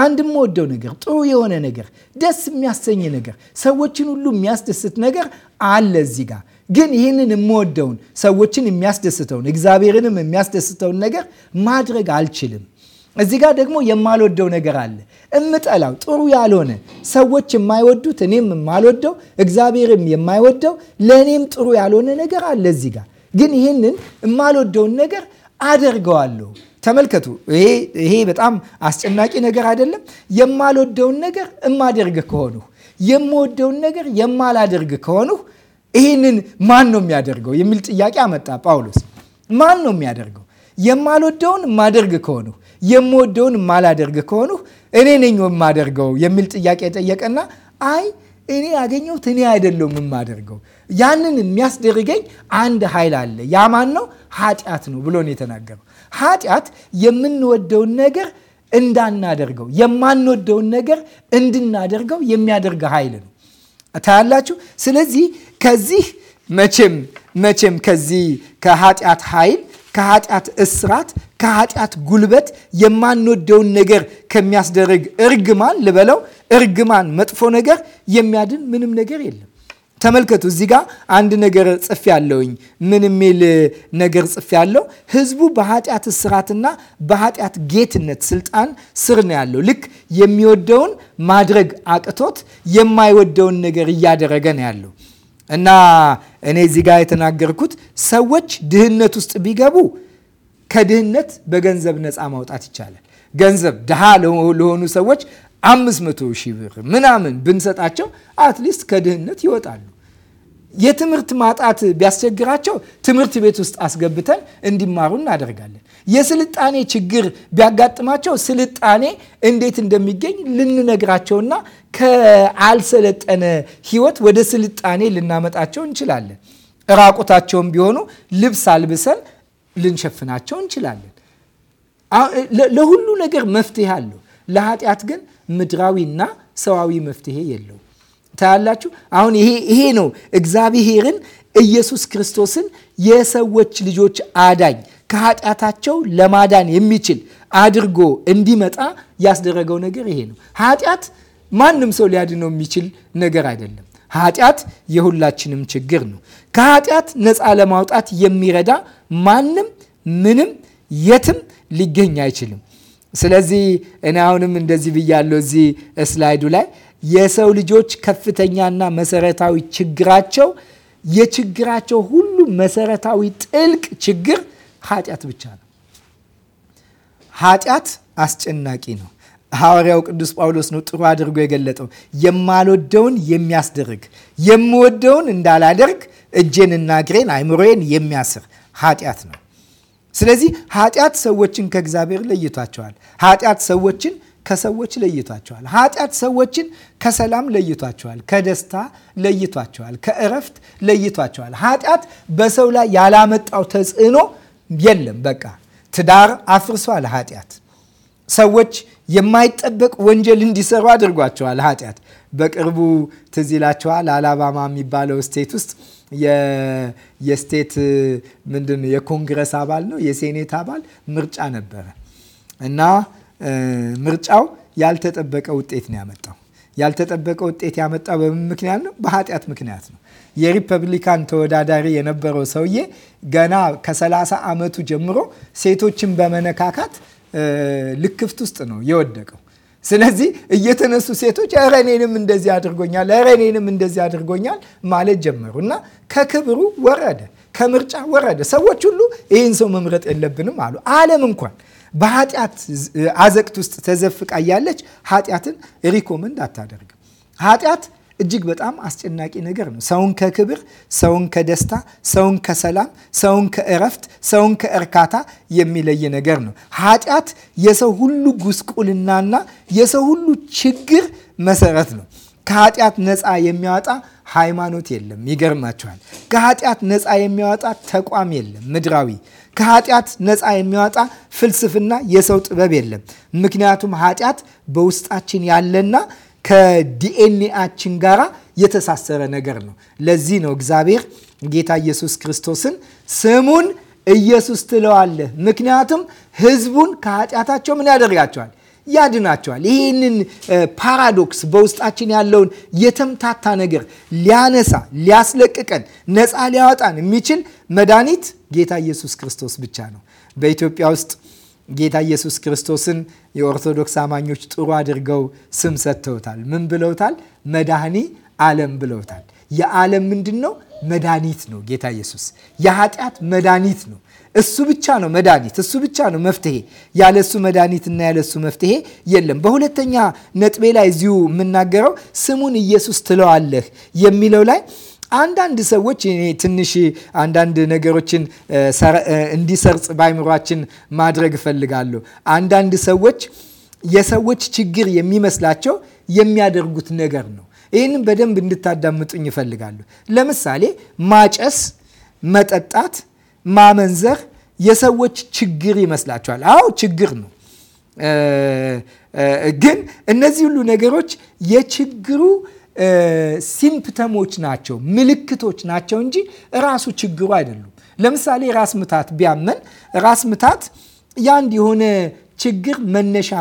አንድ የምወደው ነገር ጥሩ የሆነ ነገር፣ ደስ የሚያሰኝ ነገር፣ ሰዎችን ሁሉ የሚያስደስት ነገር አለ እዚህ ጋር። ግን ይህንን የምወደውን ሰዎችን የሚያስደስተውን እግዚአብሔርንም የሚያስደስተውን ነገር ማድረግ አልችልም። እዚህ ጋር ደግሞ የማልወደው ነገር አለ። እምጠላው ጥሩ ያልሆነ ሰዎች የማይወዱት እኔም የማልወደው እግዚአብሔርም የማይወደው ለእኔም ጥሩ ያልሆነ ነገር አለ። እዚህ ጋር ግን ይህንን የማልወደውን ነገር አደርገዋለሁ። ተመልከቱ፣ ይሄ በጣም አስጨናቂ ነገር አይደለም? የማልወደውን ነገር እማደርግ ከሆኑ የምወደውን ነገር የማላደርግ ከሆኑ ይህንን ማን ነው የሚያደርገው የሚል ጥያቄ አመጣ ጳውሎስ። ማን ነው የሚያደርገው? የማልወደውን ማደርግ ከሆኑ የምወደውን ማላደርግ ከሆኑ እኔ ነኝ የማደርገው የሚል ጥያቄ ጠየቀና አይ እኔ ያገኘሁት እኔ አይደለሁም የማደርገው ያንን የሚያስደርገኝ አንድ ኃይል አለ። ያ ማን ነው? ኃጢአት ነው ብሎ ነው የተናገረው። ኃጢአት የምንወደውን ነገር እንዳናደርገው የማንወደውን ነገር እንድናደርገው የሚያደርግ ኃይል ነው። ታያላችሁ። ስለዚህ ከዚህ መቼም መቼም ከዚህ ከኃጢአት ኃይል ከኃጢአት እስራት ከኃጢአት ጉልበት የማንወደውን ነገር ከሚያስደርግ እርግማን ልበለው እርግማን፣ መጥፎ ነገር የሚያድን ምንም ነገር የለም። ተመልከቱ እዚህ ጋር አንድ ነገር ጽፌ ያለውኝ ምን የሚል ነገር ጽፌ ያለው ህዝቡ በኃጢአት እስራትና በኃጢአት ጌትነት ስልጣን ስር ነው ያለው። ልክ የሚወደውን ማድረግ አቅቶት የማይወደውን ነገር እያደረገ ነው ያለው። እና እኔ እዚህ ጋር የተናገርኩት ሰዎች ድህነት ውስጥ ቢገቡ ከድህነት በገንዘብ ነፃ ማውጣት ይቻላል። ገንዘብ ድሃ ለሆኑ ሰዎች አምስት መቶ ሺህ ብር ምናምን ብንሰጣቸው አትሊስት ከድህነት ይወጣሉ። የትምህርት ማጣት ቢያስቸግራቸው ትምህርት ቤት ውስጥ አስገብተን እንዲማሩ እናደርጋለን። የስልጣኔ ችግር ቢያጋጥማቸው ስልጣኔ እንዴት እንደሚገኝ ልንነግራቸውና ከአልሰለጠነ ህይወት ወደ ስልጣኔ ልናመጣቸው እንችላለን። ራቁታቸውም ቢሆኑ ልብስ አልብሰን ልንሸፍናቸው እንችላለን። ለሁሉ ነገር መፍትሄ አለው። ለኃጢአት ግን ምድራዊና ሰዋዊ መፍትሄ የለው። ታያላችሁ። አሁን ይሄ ነው እግዚአብሔርን ኢየሱስ ክርስቶስን የሰዎች ልጆች አዳኝ ከኃጢአታቸው ለማዳን የሚችል አድርጎ እንዲመጣ ያስደረገው ነገር ይሄ ነው። ኃጢአት ማንም ሰው ሊያድነው የሚችል ነገር አይደለም። ኃጢአት የሁላችንም ችግር ነው። ከኃጢአት ነፃ ለማውጣት የሚረዳ ማንም ምንም የትም ሊገኝ አይችልም። ስለዚህ እኔ አሁንም እንደዚህ ብያለሁ እዚህ ስላይዱ ላይ የሰው ልጆች ከፍተኛና መሰረታዊ ችግራቸው የችግራቸው ሁሉ መሰረታዊ ጥልቅ ችግር ኃጢአት ብቻ ነው። ኃጢአት አስጨናቂ ነው። ሐዋርያው ቅዱስ ጳውሎስ ነው ጥሩ አድርጎ የገለጠው። የማልወደውን የሚያስደርግ የምወደውን እንዳላደርግ እጄንና እግሬን አይምሮዬን የሚያስር ኃጢአት ነው። ስለዚህ ኃጢአት ሰዎችን ከእግዚአብሔር ለይቷቸዋል። ኃጢአት ሰዎችን ከሰዎች ለይቷቸዋል። ኃጢአት ሰዎችን ከሰላም ለይቷቸዋል፣ ከደስታ ለይቷቸዋል፣ ከእረፍት ለይቷቸዋል። ኃጢአት በሰው ላይ ያላመጣው ተጽዕኖ የለም። በቃ ትዳር አፍርሷል ኃጢአት። ሰዎች የማይጠበቅ ወንጀል እንዲሰሩ አድርጓቸዋል ኃጢአት። በቅርቡ ትዝ ይላችኋል አላባማ የሚባለው ስቴት ውስጥ የስቴት ምንድን የኮንግረስ አባል ነው የሴኔት አባል ምርጫ ነበረ እና ምርጫው ያልተጠበቀ ውጤት ነው ያመጣው። ያልተጠበቀ ውጤት ያመጣው በምን ምክንያት ነው? በኃጢአት ምክንያት ነው። የሪፐብሊካን ተወዳዳሪ የነበረው ሰውዬ ገና ከ30 ዓመቱ ጀምሮ ሴቶችን በመነካካት ልክፍት ውስጥ ነው የወደቀው። ስለዚህ እየተነሱ ሴቶች እረ እኔንም እንደዚህ አድርጎኛል፣ እረ እኔንም እንደዚህ አድርጎኛል ማለት ጀመሩ እና ከክብሩ ወረደ፣ ከምርጫ ወረደ። ሰዎች ሁሉ ይህን ሰው መምረጥ የለብንም አሉ። ዓለም እንኳን በኃጢአት አዘቅት ውስጥ ተዘፍቃ ያለች ኃጢአትን ሪኮመንድ አታደርግም። ኃጢአት እጅግ በጣም አስጨናቂ ነገር ነው። ሰውን ከክብር፣ ሰውን ከደስታ፣ ሰውን ከሰላም፣ ሰውን ከእረፍት፣ ሰውን ከእርካታ የሚለይ ነገር ነው። ኃጢአት የሰው ሁሉ ጉስቁልናና የሰው ሁሉ ችግር መሰረት ነው። ከኃጢአት ነፃ የሚያወጣ ሃይማኖት የለም። ይገርማችኋል። ከኃጢአት ነፃ የሚያወጣ ተቋም የለም ምድራዊ ከኃጢአት ነፃ የሚያወጣ ፍልስፍና፣ የሰው ጥበብ የለም። ምክንያቱም ኃጢአት በውስጣችን ያለና ከዲኤንኤያችን ጋራ የተሳሰረ ነገር ነው። ለዚህ ነው እግዚአብሔር ጌታ ኢየሱስ ክርስቶስን ስሙን ኢየሱስ ትለዋለህ። ምክንያቱም ህዝቡን ከኃጢአታቸው ምን ያደርጋቸዋል? ያድናቸዋል። ይህንን ፓራዶክስ በውስጣችን ያለውን የተምታታ ነገር ሊያነሳ ሊያስለቅቀን፣ ነፃ ሊያወጣን የሚችል መድኃኒት ጌታ ኢየሱስ ክርስቶስ ብቻ ነው። በኢትዮጵያ ውስጥ ጌታ ኢየሱስ ክርስቶስን የኦርቶዶክስ አማኞች ጥሩ አድርገው ስም ሰጥተውታል። ምን ብለውታል? መድኃኒ ዓለም ብለውታል። የዓለም ምንድን ነው? መድኃኒት ነው። ጌታ ኢየሱስ የኃጢአት መድኃኒት ነው። እሱ ብቻ ነው መድኃኒት፣ እሱ ብቻ ነው መፍትሄ። ያለ እሱ መድኃኒትና ያለ እሱ መፍትሄ የለም። በሁለተኛ ነጥቤ ላይ እዚሁ የምናገረው ስሙን ኢየሱስ ትለዋለህ የሚለው ላይ አንዳንድ ሰዎች እኔ ትንሽ አንዳንድ ነገሮችን እንዲሰርጽ በአይምሯችን ማድረግ እፈልጋለሁ። አንዳንድ ሰዎች የሰዎች ችግር የሚመስላቸው የሚያደርጉት ነገር ነው። ይህንም በደንብ እንድታዳምጡኝ ይፈልጋሉ። ለምሳሌ ማጨስ፣ መጠጣት፣ ማመንዘር የሰዎች ችግር ይመስላቸዋል። አዎ ችግር ነው። ግን እነዚህ ሁሉ ነገሮች የችግሩ ሲምፕተሞች ናቸው፣ ምልክቶች ናቸው እንጂ ራሱ ችግሩ አይደሉም። ለምሳሌ ራስ ምታት ቢያመን ራስ ምታት የአንድ የሆነ ችግር መነሻ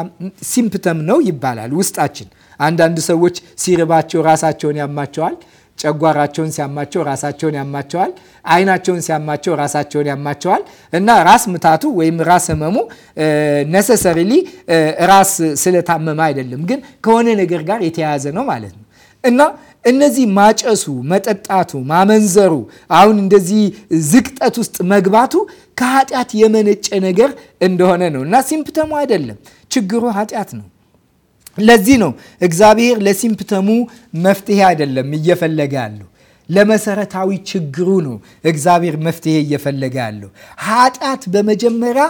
ሲምፕተም ነው ይባላል። ውስጣችን አንዳንድ ሰዎች ሲርባቸው ራሳቸውን ያማቸዋል። ጨጓራቸውን ሲያማቸው ራሳቸውን ያማቸዋል። አይናቸውን ሲያማቸው ራሳቸውን ያማቸዋል። እና ራስ ምታቱ ወይም ራስ ህመሙ ነሰሰሪሊ ራስ ስለታመመ አይደለም፣ ግን ከሆነ ነገር ጋር የተያያዘ ነው ማለት ነው። እና እነዚህ ማጨሱ፣ መጠጣቱ፣ ማመንዘሩ፣ አሁን እንደዚህ ዝቅጠት ውስጥ መግባቱ ከኃጢአት የመነጨ ነገር እንደሆነ ነው እና ሲምፕተሙ አይደለም ችግሩ ኃጢአት ነው። ለዚህ ነው እግዚአብሔር ለሲምፕተሙ መፍትሄ አይደለም እየፈለገ ያለው ለመሰረታዊ ችግሩ ነው እግዚአብሔር መፍትሄ እየፈለገ ያለው። ኃጢአት በመጀመሪያ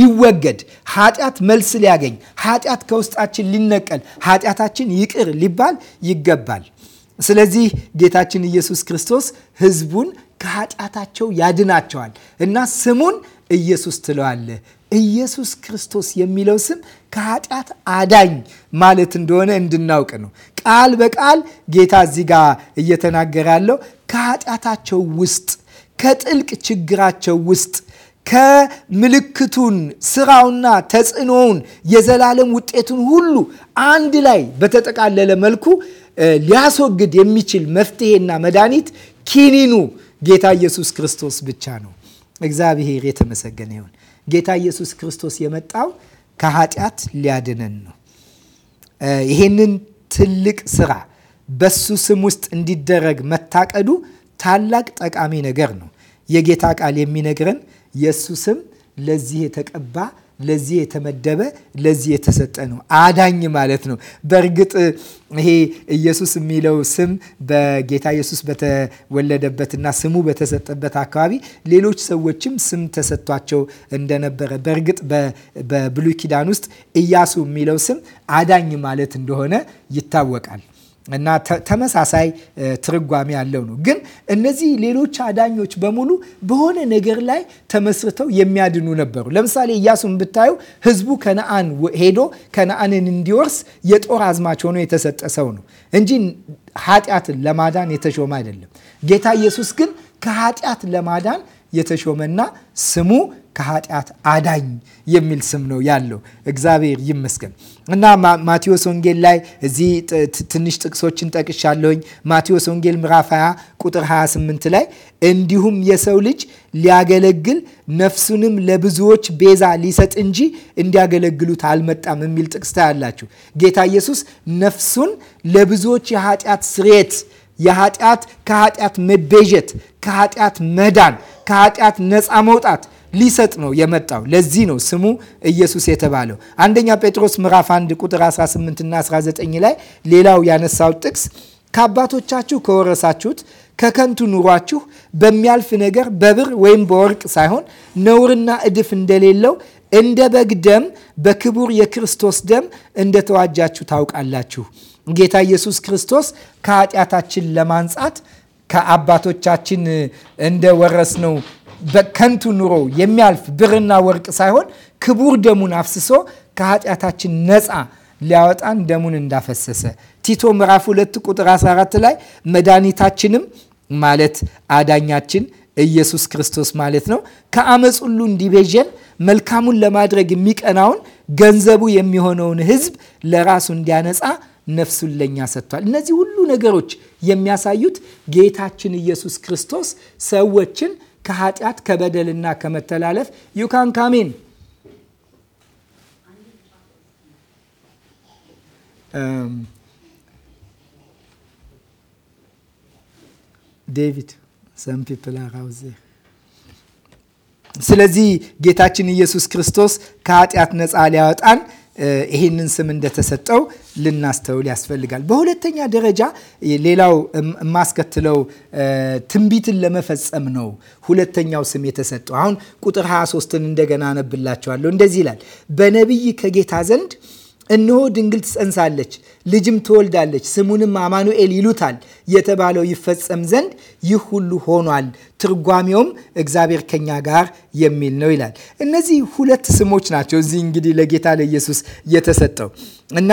ሊወገድ፣ ኃጢአት መልስ ሊያገኝ፣ ኃጢአት ከውስጣችን ሊነቀል፣ ኃጢአታችን ይቅር ሊባል ይገባል። ስለዚህ ጌታችን ኢየሱስ ክርስቶስ ህዝቡን ከኃጢአታቸው ያድናቸዋል እና ስሙን ኢየሱስ ትለዋለህ ኢየሱስ ክርስቶስ የሚለው ስም ከኃጢአት አዳኝ ማለት እንደሆነ እንድናውቅ ነው። ቃል በቃል ጌታ እዚህ ጋር እየተናገረ ያለው ከኃጢአታቸው ውስጥ ከጥልቅ ችግራቸው ውስጥ ከምልክቱን ስራውና ተጽዕኖውን የዘላለም ውጤቱን ሁሉ አንድ ላይ በተጠቃለለ መልኩ ሊያስወግድ የሚችል መፍትሄና መድኃኒት ኪኒኑ ጌታ ኢየሱስ ክርስቶስ ብቻ ነው። እግዚአብሔር የተመሰገነ ይሁን። ጌታ ኢየሱስ ክርስቶስ የመጣው ከኃጢአት ሊያድነን ነው። ይሄንን ትልቅ ስራ በሱ ስም ውስጥ እንዲደረግ መታቀዱ ታላቅ ጠቃሚ ነገር ነው። የጌታ ቃል የሚነግረን የእሱ ስም ለዚህ የተቀባ ለዚህ የተመደበ ለዚህ የተሰጠ ነው። አዳኝ ማለት ነው። በእርግጥ ይሄ ኢየሱስ የሚለው ስም በጌታ ኢየሱስ በተወለደበትና ስሙ በተሰጠበት አካባቢ ሌሎች ሰዎችም ስም ተሰጥቷቸው እንደነበረ በእርግጥ በብሉይ ኪዳን ውስጥ ኢያሱ የሚለው ስም አዳኝ ማለት እንደሆነ ይታወቃል። እና ተመሳሳይ ትርጓሜ ያለው ነው። ግን እነዚህ ሌሎች አዳኞች በሙሉ በሆነ ነገር ላይ ተመስርተው የሚያድኑ ነበሩ። ለምሳሌ ኢያሱን ብታዩ ህዝቡ ከነአን ሄዶ ከነአንን እንዲወርስ የጦር አዝማች ሆኖ የተሰጠ ሰው ነው እንጂ ኃጢአትን ለማዳን የተሾመ አይደለም። ጌታ ኢየሱስ ግን ከኃጢአት ለማዳን የተሾመና ስሙ ከኃጢአት አዳኝ የሚል ስም ነው ያለው። እግዚአብሔር ይመስገን እና ማቴዎስ ወንጌል ላይ እዚህ ትንሽ ጥቅሶችን ጠቅሻለሁኝ። ማቴዎስ ወንጌል ምዕራፍ 20 ቁጥር 28 ላይ እንዲሁም የሰው ልጅ ሊያገለግል ነፍሱንም ለብዙዎች ቤዛ ሊሰጥ እንጂ እንዲያገለግሉት አልመጣም የሚል ጥቅስ ታያላችሁ። ጌታ ኢየሱስ ነፍሱን ለብዙዎች የኃጢአት ስርየት የኃጢአት ከኃጢአት መቤዠት ከኃጢአት መዳን ከኃጢአት ነፃ መውጣት ሊሰጥ ነው የመጣው። ለዚህ ነው ስሙ ኢየሱስ የተባለው። አንደኛ ጴጥሮስ ምዕራፍ 1 ቁጥር 18 እና 19 ላይ ሌላው ያነሳው ጥቅስ ከአባቶቻችሁ ከወረሳችሁት ከከንቱ ኑሯችሁ በሚያልፍ ነገር በብር ወይም በወርቅ ሳይሆን ነውርና እድፍ እንደሌለው እንደ በግ ደም በክቡር የክርስቶስ ደም እንደተዋጃችሁ ታውቃላችሁ። ጌታ ኢየሱስ ክርስቶስ ከኃጢአታችን ለማንጻት ከአባቶቻችን እንደወረስነው በከንቱ ኑሮ የሚያልፍ ብርና ወርቅ ሳይሆን ክቡር ደሙን አፍስሶ ከኃጢአታችን ነፃ ሊያወጣን ደሙን እንዳፈሰሰ ቲቶ ምዕራፍ 2 ቁጥር 14 ላይ መድኃኒታችንም ማለት አዳኛችን ኢየሱስ ክርስቶስ ማለት ነው። ከአመፅ ሁሉ እንዲቤዠን መልካሙን ለማድረግ የሚቀናውን ገንዘቡ የሚሆነውን ሕዝብ ለራሱ እንዲያነጻ ነፍሱን ለእኛ ሰጥቷል። እነዚህ ሁሉ ነገሮች የሚያሳዩት ጌታችን ኢየሱስ ክርስቶስ ሰዎችን ከኃጢአት ከበደልና ከመተላለፍ ዩካን ካሜን ዴቪድ ሰም ፒፕል ስለዚህ ጌታችን ኢየሱስ ክርስቶስ ከኃጢአት ነፃ ሊያወጣን ይህንን ስም እንደተሰጠው ልናስተውል ያስፈልጋል። በሁለተኛ ደረጃ ሌላው የማስከትለው ትንቢትን ለመፈጸም ነው። ሁለተኛው ስም የተሰጠው አሁን ቁጥር 23ን እንደገና አነብላቸዋለሁ። እንደዚህ ይላል በነቢይ ከጌታ ዘንድ እነሆ ድንግል ትጸንሳለች፣ ልጅም ትወልዳለች፣ ስሙንም አማኑኤል ይሉታል የተባለው ይፈጸም ዘንድ ይህ ሁሉ ሆኗል። ትርጓሜውም እግዚአብሔር ከኛ ጋር የሚል ነው ይላል። እነዚህ ሁለት ስሞች ናቸው እዚህ እንግዲህ ለጌታ ለኢየሱስ የተሰጠው እና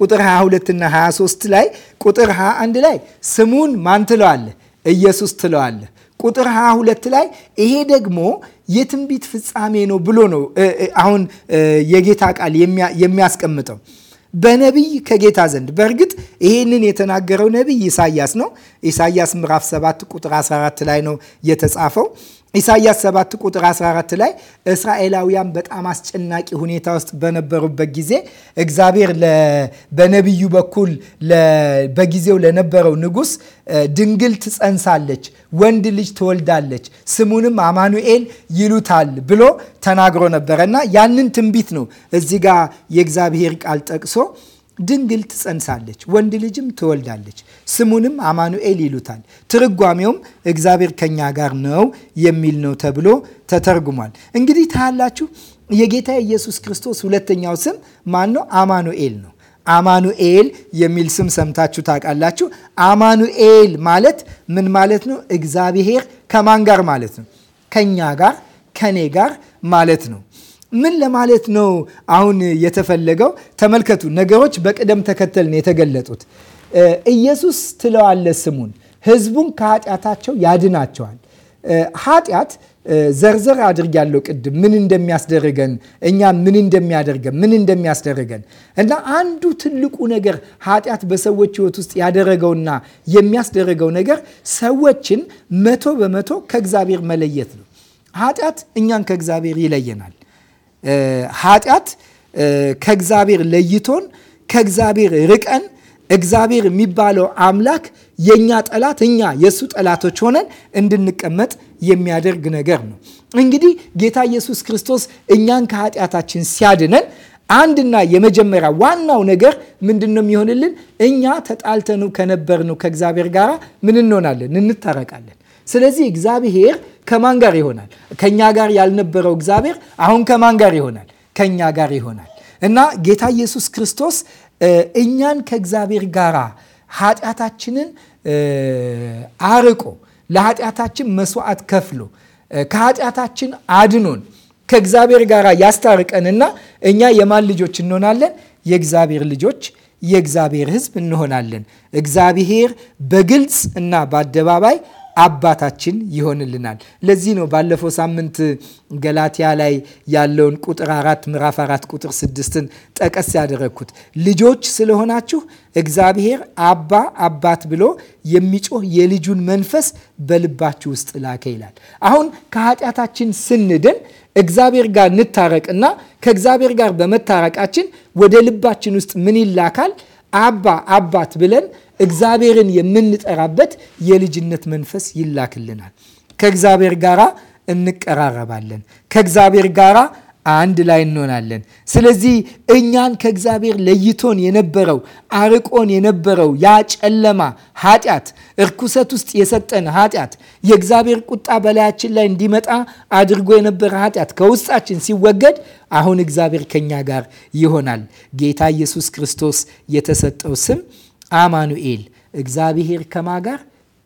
ቁጥር 22 እና 23 ላይ ቁጥር 21 ላይ ስሙን ማን ትለዋለህ? ኢየሱስ ትለዋለህ። ቁጥር 22 ላይ ይሄ ደግሞ የትንቢት ፍጻሜ ነው ብሎ ነው አሁን የጌታ ቃል የሚያስቀምጠው በነቢይ ከጌታ ዘንድ በእርግጥ ይሄንን የተናገረው ነቢይ ኢሳያስ ነው። ኢሳያስ ምዕራፍ 7 ቁጥር 14 ላይ ነው የተጻፈው። ኢሳያስ 7 ቁጥር 14 ላይ እስራኤላውያን በጣም አስጨናቂ ሁኔታ ውስጥ በነበሩበት ጊዜ እግዚአብሔር በነቢዩ በኩል በጊዜው ለነበረው ንጉሥ ድንግል ትጸንሳለች፣ ወንድ ልጅ ትወልዳለች፣ ስሙንም አማኑኤል ይሉታል ብሎ ተናግሮ ነበረ እና ያንን ትንቢት ነው እዚህ ጋር የእግዚአብሔር ቃል ጠቅሶ ድንግል ትጸንሳለች፣ ወንድ ልጅም ትወልዳለች፣ ስሙንም አማኑኤል ይሉታል። ትርጓሜውም እግዚአብሔር ከኛ ጋር ነው የሚል ነው ተብሎ ተተርጉሟል። እንግዲህ ታያላችሁ የጌታ ኢየሱስ ክርስቶስ ሁለተኛው ስም ማን ነው? አማኑኤል ነው። አማኑኤል የሚል ስም ሰምታችሁ ታውቃላችሁ። አማኑኤል ማለት ምን ማለት ነው? እግዚአብሔር ከማን ጋር ማለት ነው? ከኛ ጋር ከኔ ጋር ማለት ነው። ምን ለማለት ነው አሁን የተፈለገው? ተመልከቱ፣ ነገሮች በቅደም ተከተል ነው የተገለጡት። ኢየሱስ ትለዋለ ስሙን፣ ህዝቡን ከኃጢአታቸው ያድናቸዋል። ኃጢአት ዘርዘር አድርጌያለሁ ቅድም ምን እንደሚያስደርገን እኛ ምን እንደሚያደርገን ምን እንደሚያስደርገን እና አንዱ ትልቁ ነገር ኃጢአት በሰዎች ህይወት ውስጥ ያደረገውና የሚያስደርገው ነገር ሰዎችን መቶ በመቶ ከእግዚአብሔር መለየት ነው። ኃጢአት እኛን ከእግዚአብሔር ይለየናል። ኃጢአት ከእግዚአብሔር ለይቶን ከእግዚአብሔር ርቀን እግዚአብሔር የሚባለው አምላክ የእኛ ጠላት እኛ የእሱ ጠላቶች ሆነን እንድንቀመጥ የሚያደርግ ነገር ነው። እንግዲህ ጌታ ኢየሱስ ክርስቶስ እኛን ከኃጢአታችን ሲያድነን አንድና የመጀመሪያ ዋናው ነገር ምንድን ነው የሚሆንልን? እኛ ተጣልተን ከነበርነው ከእግዚአብሔር ጋር ምን እንሆናለን? እንታረቃለን። ስለዚህ እግዚአብሔር ከማን ጋር ይሆናል? ከእኛ ጋር ያልነበረው እግዚአብሔር አሁን ከማን ጋር ይሆናል? ከእኛ ጋር ይሆናል እና ጌታ ኢየሱስ ክርስቶስ እኛን ከእግዚአብሔር ጋር ኃጢአታችንን አርቆ ለኃጢአታችን መስዋዕት ከፍሎ ከኃጢአታችን አድኖን ከእግዚአብሔር ጋር ያስታርቀንና እኛ የማን ልጆች እንሆናለን? የእግዚአብሔር ልጆች የእግዚአብሔር ሕዝብ እንሆናለን። እግዚአብሔር በግልጽ እና በአደባባይ አባታችን ይሆንልናል። ለዚህ ነው ባለፈው ሳምንት ገላትያ ላይ ያለውን ቁጥር አራት ምዕራፍ አራት ቁጥር ስድስትን ጠቀስ ያደረግኩት ልጆች ስለሆናችሁ እግዚአብሔር አባ አባት ብሎ የሚጮህ የልጁን መንፈስ በልባችሁ ውስጥ ላከ ይላል። አሁን ከኃጢአታችን ስንድን እግዚአብሔር ጋር እንታረቅና ከእግዚአብሔር ጋር በመታረቃችን ወደ ልባችን ውስጥ ምን ይላካል? አባ አባት ብለን እግዚአብሔርን የምንጠራበት የልጅነት መንፈስ ይላክልናል። ከእግዚአብሔር ጋራ እንቀራረባለን። ከእግዚአብሔር ጋራ አንድ ላይ እንሆናለን። ስለዚህ እኛን ከእግዚአብሔር ለይቶን የነበረው አርቆን የነበረው ያ ጨለማ ኃጢአት፣ እርኩሰት ውስጥ የሰጠን ኃጢአት፣ የእግዚአብሔር ቁጣ በላያችን ላይ እንዲመጣ አድርጎ የነበረ ኃጢአት ከውስጣችን ሲወገድ አሁን እግዚአብሔር ከኛ ጋር ይሆናል። ጌታ ኢየሱስ ክርስቶስ የተሰጠው ስም አማኑኤል እግዚአብሔር ከማ ጋር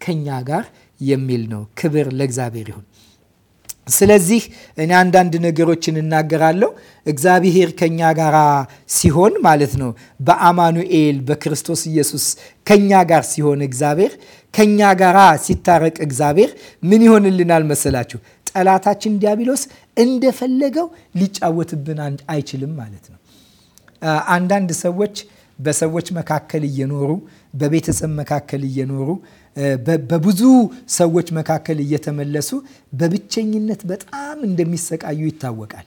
ከኛ ጋር የሚል ነው። ክብር ለእግዚአብሔር ይሁን። ስለዚህ እኔ አንዳንድ ነገሮችን እናገራለሁ። እግዚአብሔር ከኛ ጋር ሲሆን ማለት ነው፣ በአማኑኤል በክርስቶስ ኢየሱስ ከኛ ጋር ሲሆን እግዚአብሔር ከኛ ጋር ሲታረቅ እግዚአብሔር ምን ይሆንልናል መሰላችሁ? ጠላታችን ዲያብሎስ እንደፈለገው ሊጫወትብን አይችልም ማለት ነው። አንዳንድ ሰዎች በሰዎች መካከል እየኖሩ በቤተሰብ መካከል እየኖሩ በብዙ ሰዎች መካከል እየተመለሱ በብቸኝነት በጣም እንደሚሰቃዩ ይታወቃል።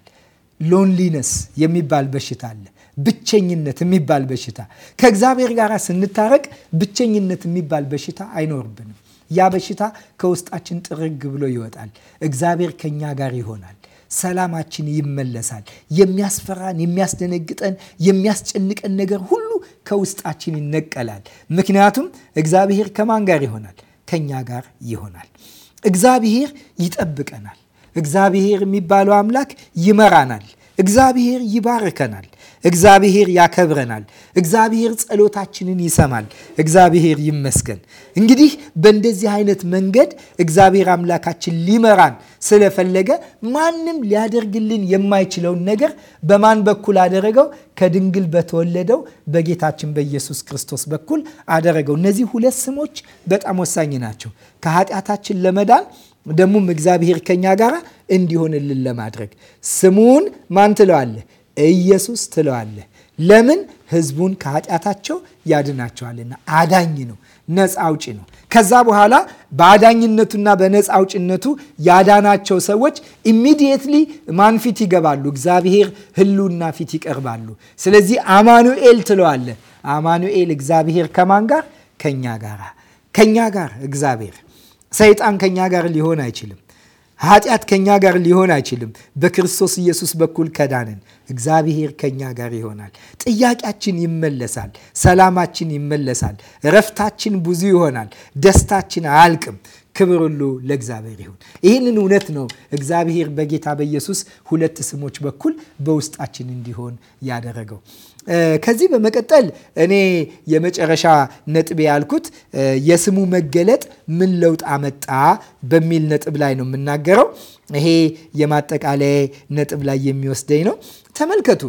ሎንሊነስ የሚባል በሽታ አለ። ብቸኝነት የሚባል በሽታ ከእግዚአብሔር ጋር ስንታረቅ ብቸኝነት የሚባል በሽታ አይኖርብንም። ያ በሽታ ከውስጣችን ጥርግ ብሎ ይወጣል። እግዚአብሔር ከኛ ጋር ይሆናል። ሰላማችን ይመለሳል። የሚያስፈራን፣ የሚያስደነግጠን፣ የሚያስጨንቀን ነገር ሁሉ ከውስጣችን ይነቀላል። ምክንያቱም እግዚአብሔር ከማን ጋር ይሆናል? ከኛ ጋር ይሆናል። እግዚአብሔር ይጠብቀናል። እግዚአብሔር የሚባለው አምላክ ይመራናል። እግዚአብሔር ይባርከናል። እግዚአብሔር ያከብረናል። እግዚአብሔር ጸሎታችንን ይሰማል። እግዚአብሔር ይመስገን። እንግዲህ በእንደዚህ አይነት መንገድ እግዚአብሔር አምላካችን ሊመራን ስለፈለገ ማንም ሊያደርግልን የማይችለውን ነገር በማን በኩል አደረገው? ከድንግል በተወለደው በጌታችን በኢየሱስ ክርስቶስ በኩል አደረገው። እነዚህ ሁለት ስሞች በጣም ወሳኝ ናቸው። ከኃጢአታችን ለመዳን ደግሞም እግዚአብሔር ከኛ ጋር እንዲሆንልን ለማድረግ ስሙን ማን ትለዋለህ? ኢየሱስ ትለዋለህ። ለምን? ህዝቡን ከኃጢአታቸው ያድናቸዋልና አዳኝ ነው፣ ነፃ አውጪ ነው። ከዛ በኋላ በአዳኝነቱና በነፃ አውጭነቱ ያዳናቸው ሰዎች ኢሚዲየትሊ ማን ፊት ይገባሉ? እግዚአብሔር ህሉና ፊት ይቀርባሉ። ስለዚህ አማኑኤል ትለዋለህ። አማኑኤል እግዚአብሔር ከማን ጋር? ከኛ ጋር ከኛ ጋር እግዚአብሔር ሰይጣን ከኛ ጋር ሊሆን አይችልም። ኃጢአት ከኛ ጋር ሊሆን አይችልም። በክርስቶስ ኢየሱስ በኩል ከዳንን እግዚአብሔር ከኛ ጋር ይሆናል። ጥያቄያችን ይመለሳል፣ ሰላማችን ይመለሳል፣ እረፍታችን ብዙ ይሆናል፣ ደስታችን አያልቅም። ክብር ሁሉ ለእግዚአብሔር ይሁን። ይህንን እውነት ነው እግዚአብሔር በጌታ በኢየሱስ ሁለት ስሞች በኩል በውስጣችን እንዲሆን ያደረገው። ከዚህ በመቀጠል እኔ የመጨረሻ ነጥብ ያልኩት የስሙ መገለጥ ምን ለውጥ አመጣ በሚል ነጥብ ላይ ነው የምናገረው። ይሄ የማጠቃለያ ነጥብ ላይ የሚወስደኝ ነው። ተመልከቱ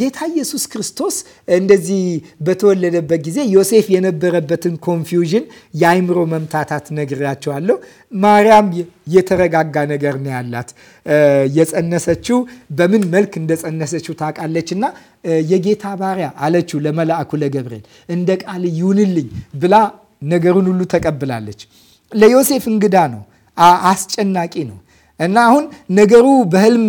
ጌታ ኢየሱስ ክርስቶስ እንደዚህ በተወለደበት ጊዜ ዮሴፍ የነበረበትን ኮንፊውዥን የአይምሮ መምታታት ነግራቸዋለሁ። ማርያም የተረጋጋ ነገር ነው ያላት። የጸነሰችው በምን መልክ እንደጸነሰችው ታውቃለች እና የጌታ ባሪያ አለችው ለመልአኩ ለገብርኤል እንደ ቃል ይሁንልኝ ብላ ነገሩን ሁሉ ተቀብላለች። ለዮሴፍ እንግዳ ነው፣ አስጨናቂ ነው እና አሁን ነገሩ በህልም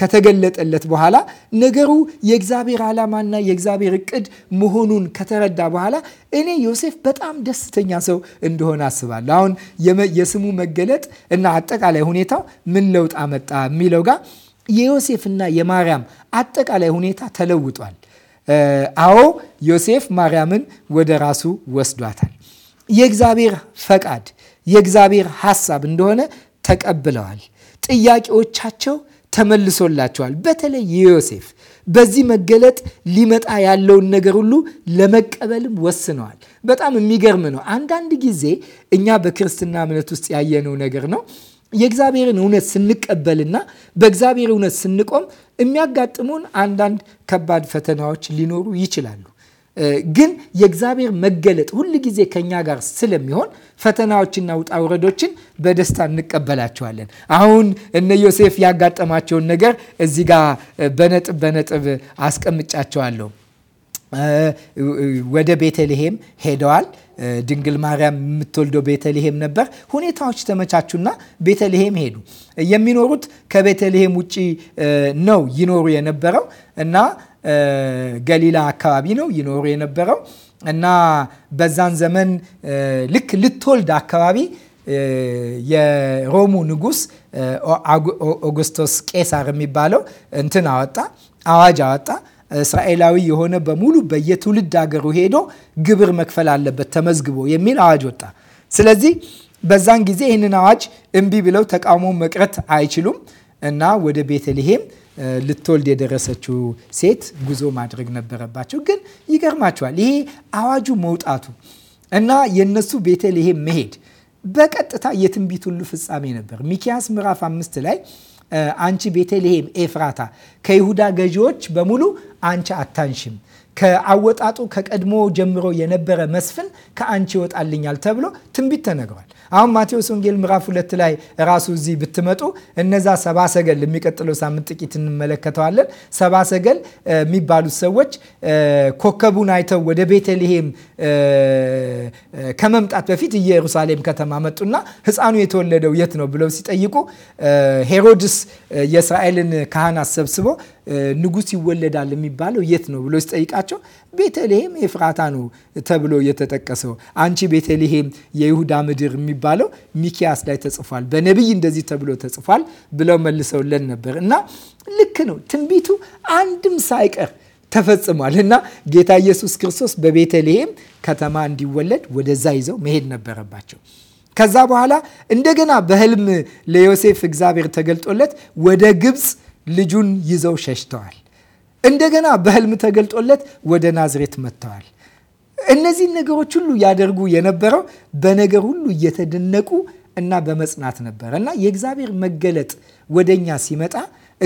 ከተገለጠለት በኋላ ነገሩ የእግዚአብሔር ዓላማና የእግዚአብሔር እቅድ መሆኑን ከተረዳ በኋላ እኔ ዮሴፍ በጣም ደስተኛ ሰው እንደሆነ አስባለሁ። አሁን የስሙ መገለጥ እና አጠቃላይ ሁኔታው ምን ለውጥ አመጣ የሚለው ጋር የዮሴፍና የማርያም አጠቃላይ ሁኔታ ተለውጧል። አዎ ዮሴፍ ማርያምን ወደ ራሱ ወስዷታል። የእግዚአብሔር ፈቃድ የእግዚአብሔር ሐሳብ እንደሆነ ተቀብለዋል። ጥያቄዎቻቸው ተመልሶላቸዋል። በተለይ የዮሴፍ በዚህ መገለጥ ሊመጣ ያለውን ነገር ሁሉ ለመቀበልም ወስነዋል። በጣም የሚገርም ነው። አንዳንድ ጊዜ እኛ በክርስትና እምነት ውስጥ ያየነው ነገር ነው። የእግዚአብሔርን እውነት ስንቀበልና በእግዚአብሔር እውነት ስንቆም የሚያጋጥሙን አንዳንድ ከባድ ፈተናዎች ሊኖሩ ይችላሉ። ግን የእግዚአብሔር መገለጥ ሁል ጊዜ ከኛ ጋር ስለሚሆን ፈተናዎችና ውጣ ውረዶችን በደስታ እንቀበላቸዋለን። አሁን እነ ዮሴፍ ያጋጠማቸውን ነገር እዚህ ጋር በነጥብ በነጥብ አስቀምጫቸዋለሁ። ወደ ቤተልሔም ሄደዋል። ድንግል ማርያም የምትወልደው ቤተልሔም ነበር። ሁኔታዎች ተመቻቹና ቤተልሔም ሄዱ። የሚኖሩት ከቤተልሔም ውጪ ነው ይኖሩ የነበረው እና ገሊላ አካባቢ ነው ይኖሩ የነበረው እና በዛን ዘመን ልክ ልትወልድ አካባቢ የሮሙ ንጉስ ኦጉስቶስ ቄሳር የሚባለው እንትን አወጣ፣ አዋጅ አወጣ። እስራኤላዊ የሆነ በሙሉ በየትውልድ ሀገሩ ሄዶ ግብር መክፈል አለበት ተመዝግቦ የሚል አዋጅ ወጣ። ስለዚህ በዛን ጊዜ ይህንን አዋጅ እምቢ ብለው ተቃውሞ መቅረት አይችሉም እና ወደ ቤተልሔም ልትወልድ የደረሰችው ሴት ጉዞ ማድረግ ነበረባቸው። ግን ይገርማቸዋል። ይሄ አዋጁ መውጣቱ እና የነሱ ቤተልሔም መሄድ በቀጥታ የትንቢት ሁሉ ፍጻሜ ነበር። ሚኪያስ ምዕራፍ አምስት ላይ አንቺ ቤተልሔም ኤፍራታ ከይሁዳ ገዢዎች በሙሉ አንቺ አታንሽም ከአወጣጡ ከቀድሞ ጀምሮ የነበረ መስፍን ከአንቺ ይወጣልኛል ተብሎ ትንቢት ተነግሯል። አሁን ማቴዎስ ወንጌል ምዕራፍ ሁለት ላይ ራሱ እዚህ ብትመጡ እነዛ ሰባ ሰገል የሚቀጥለው ሳምንት ጥቂት እንመለከተዋለን። ሰባ ሰገል የሚባሉት ሰዎች ኮከቡን አይተው ወደ ቤተልሔም ከመምጣት በፊት ኢየሩሳሌም ከተማ መጡና ሕፃኑ የተወለደው የት ነው ብለው ሲጠይቁ ሄሮድስ የእስራኤልን ካህናት ሰብስቦ ንጉስ ይወለዳል የሚባለው የት ነው ብሎ ሲጠይቃቸው ቤተልሔም ኤፍራታ ነው ተብሎ የተጠቀሰው። አንቺ ቤተልሔም የይሁዳ ምድር የሚባለው ሚኪያስ ላይ ተጽፏል፣ በነቢይ እንደዚህ ተብሎ ተጽፏል ብለው መልሰውለን ነበር እና ልክ ነው ትንቢቱ አንድም ሳይቀር ተፈጽሟል እና ጌታ ኢየሱስ ክርስቶስ በቤተልሔም ከተማ እንዲወለድ ወደዛ ይዘው መሄድ ነበረባቸው። ከዛ በኋላ እንደገና በህልም ለዮሴፍ እግዚአብሔር ተገልጦለት ወደ ግብፅ ልጁን ይዘው ሸሽተዋል። እንደገና በህልም ተገልጦለት ወደ ናዝሬት መጥተዋል። እነዚህን ነገሮች ሁሉ ያደርጉ የነበረው በነገር ሁሉ እየተደነቁ እና በመጽናት ነበረ እና የእግዚአብሔር መገለጥ ወደኛ ሲመጣ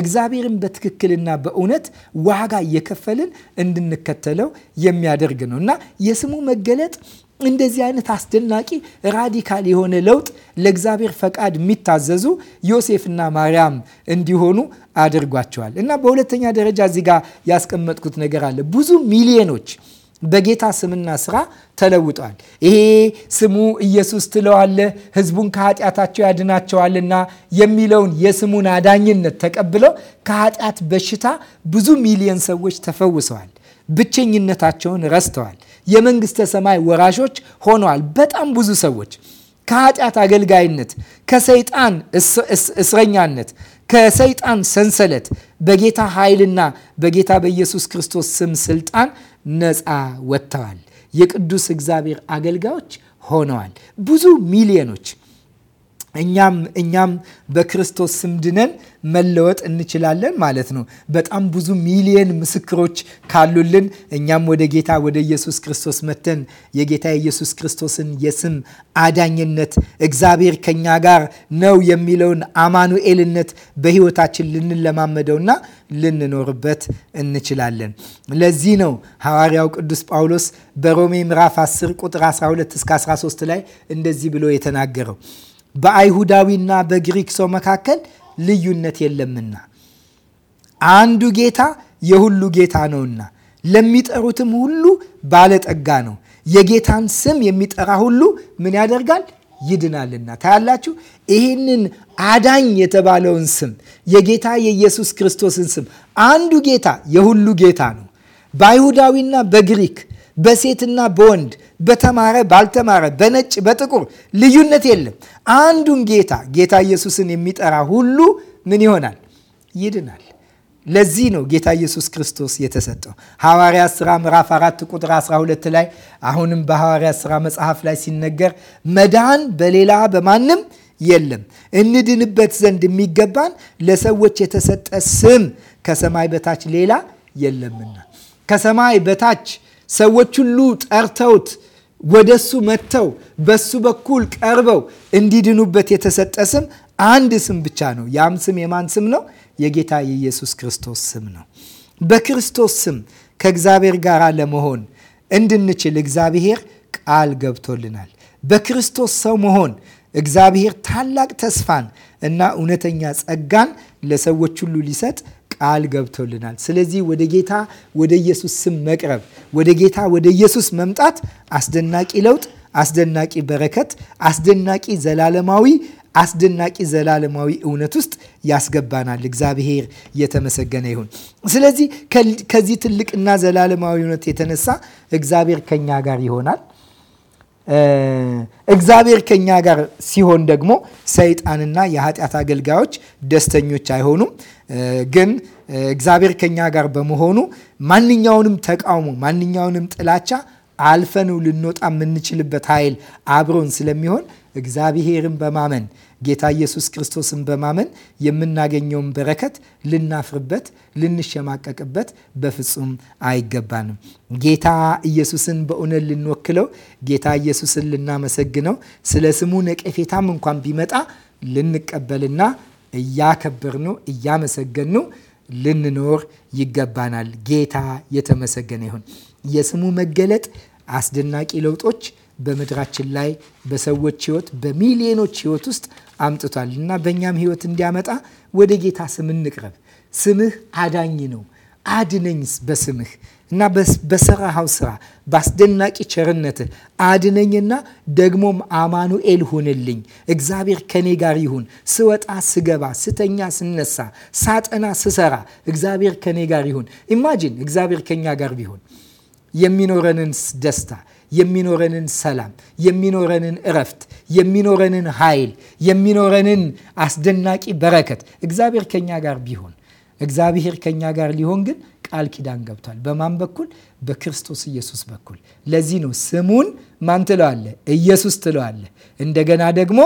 እግዚአብሔርን በትክክልና በእውነት ዋጋ እየከፈልን እንድንከተለው የሚያደርግ ነው እና የስሙ መገለጥ እንደዚህ አይነት አስደናቂ ራዲካል የሆነ ለውጥ ለእግዚአብሔር ፈቃድ የሚታዘዙ ዮሴፍና ማርያም እንዲሆኑ አድርጓቸዋል። እና በሁለተኛ ደረጃ እዚህ ጋር ያስቀመጥኩት ነገር አለ። ብዙ ሚሊዮኖች በጌታ ስምና ስራ ተለውጠዋል። ይሄ ስሙ ኢየሱስ ትለዋለ ህዝቡን ከኃጢአታቸው ያድናቸዋልና የሚለውን የስሙን አዳኝነት ተቀብለው ከኃጢአት በሽታ ብዙ ሚሊዮን ሰዎች ተፈውሰዋል። ብቸኝነታቸውን ረስተዋል። የመንግስተ ሰማይ ወራሾች ሆነዋል። በጣም ብዙ ሰዎች ከኃጢአት አገልጋይነት፣ ከሰይጣን እስረኛነት፣ ከሰይጣን ሰንሰለት በጌታ ኃይልና በጌታ በኢየሱስ ክርስቶስ ስም ስልጣን ነፃ ወጥተዋል። የቅዱስ እግዚአብሔር አገልጋዮች ሆነዋል ብዙ ሚሊዮኖች እኛም እኛም በክርስቶስ ስም ድነን መለወጥ እንችላለን ማለት ነው። በጣም ብዙ ሚሊየን ምስክሮች ካሉልን እኛም ወደ ጌታ ወደ ኢየሱስ ክርስቶስ መተን የጌታ የኢየሱስ ክርስቶስን የስም አዳኝነት እግዚአብሔር ከኛ ጋር ነው የሚለውን አማኑኤልነት በሕይወታችን ልንለማመደውና ልንኖርበት እንችላለን። ለዚህ ነው ሐዋርያው ቅዱስ ጳውሎስ በሮሜ ምዕራፍ 10 ቁጥር 12 እስከ 13 ላይ እንደዚህ ብሎ የተናገረው በአይሁዳዊና በግሪክ ሰው መካከል ልዩነት የለምና አንዱ ጌታ የሁሉ ጌታ ነውና ለሚጠሩትም ሁሉ ባለጠጋ ነው። የጌታን ስም የሚጠራ ሁሉ ምን ያደርጋል? ይድናልና። ታያላችሁ። ይህንን አዳኝ የተባለውን ስም የጌታ የኢየሱስ ክርስቶስን ስም አንዱ ጌታ የሁሉ ጌታ ነው። በአይሁዳዊና በግሪክ በሴትና በወንድ በተማረ ባልተማረ፣ በነጭ በጥቁር ልዩነት የለም። አንዱን ጌታ ጌታ ኢየሱስን የሚጠራ ሁሉ ምን ይሆናል? ይድናል። ለዚህ ነው ጌታ ኢየሱስ ክርስቶስ የተሰጠው። ሐዋርያ ሥራ ምዕራፍ 4 ቁጥር 12 ላይ አሁንም በሐዋርያ ሥራ መጽሐፍ ላይ ሲነገር መዳን በሌላ በማንም የለም፣ እንድንበት ዘንድ የሚገባን ለሰዎች የተሰጠ ስም ከሰማይ በታች ሌላ የለምና ከሰማይ በታች ሰዎች ሁሉ ጠርተውት ወደሱ መጥተው በሱ በኩል ቀርበው እንዲድኑበት የተሰጠ ስም አንድ ስም ብቻ ነው። ያም ስም የማን ስም ነው? የጌታ የኢየሱስ ክርስቶስ ስም ነው። በክርስቶስ ስም ከእግዚአብሔር ጋር ለመሆን እንድንችል እግዚአብሔር ቃል ገብቶልናል። በክርስቶስ ሰው መሆን እግዚአብሔር ታላቅ ተስፋን እና እውነተኛ ጸጋን ለሰዎች ሁሉ ሊሰጥ ቃል ገብቶልናል። ስለዚህ ወደ ጌታ ወደ ኢየሱስ ስም መቅረብ፣ ወደ ጌታ ወደ ኢየሱስ መምጣት አስደናቂ ለውጥ፣ አስደናቂ በረከት፣ አስደናቂ ዘላለማዊ አስደናቂ ዘላለማዊ እውነት ውስጥ ያስገባናል። እግዚአብሔር የተመሰገነ ይሁን። ስለዚህ ከዚህ ትልቅና ዘላለማዊ እውነት የተነሳ እግዚአብሔር ከኛ ጋር ይሆናል። እግዚአብሔር ከኛ ጋር ሲሆን ደግሞ ሰይጣንና የኃጢአት አገልጋዮች ደስተኞች አይሆኑም። ግን እግዚአብሔር ከኛ ጋር በመሆኑ ማንኛውንም ተቃውሞ፣ ማንኛውንም ጥላቻ አልፈን ልንወጣ የምንችልበት ኃይል አብሮን ስለሚሆን እግዚአብሔርን በማመን ጌታ ኢየሱስ ክርስቶስን በማመን የምናገኘውን በረከት ልናፍርበት፣ ልንሸማቀቅበት በፍጹም አይገባንም። ጌታ ኢየሱስን በእውነት ልንወክለው፣ ጌታ ኢየሱስን ልናመሰግነው፣ ስለ ስሙ ነቀፌታም እንኳን ቢመጣ ልንቀበልና እያከበርነው እያመሰገንነው ልንኖር ይገባናል። ጌታ የተመሰገነ ይሁን። የስሙ መገለጥ አስደናቂ ለውጦች በምድራችን ላይ በሰዎች ህይወት በሚሊዮኖች ህይወት ውስጥ አምጥቷል እና በእኛም ህይወት እንዲያመጣ ወደ ጌታ ስም እንቅረብ። ስምህ አዳኝ ነው። አድነኝ በስምህ እና በሰራሃው ስራ በአስደናቂ ቸርነትህ አድነኝና ደግሞም አማኑኤል ሁንልኝ። እግዚአብሔር ከኔ ጋር ይሁን። ስወጣ ስገባ፣ ስተኛ ስነሳ፣ ሳጠና ስሰራ እግዚአብሔር ከኔ ጋር ይሁን። ኢማጂን እግዚአብሔር ከኛ ጋር ቢሆን የሚኖረንን ደስታ የሚኖረንን ሰላም፣ የሚኖረንን እረፍት፣ የሚኖረንን ኃይል፣ የሚኖረንን አስደናቂ በረከት እግዚአብሔር ከኛ ጋር ቢሆን እግዚአብሔር ከኛ ጋር ሊሆን ግን ቃል ኪዳን ገብቷል። በማን በኩል? በክርስቶስ ኢየሱስ በኩል። ለዚህ ነው ስሙን ማን ትለዋለ? ኢየሱስ ትለዋለ። እንደገና ደግሞ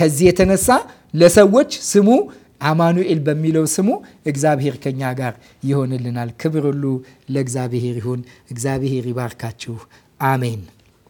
ከዚህ የተነሳ ለሰዎች ስሙ አማኑኤል በሚለው ስሙ እግዚአብሔር ከኛ ጋር ይሆንልናል። ክብር ሁሉ ለእግዚአብሔር ይሁን። እግዚአብሔር ይባርካችሁ። አሜን።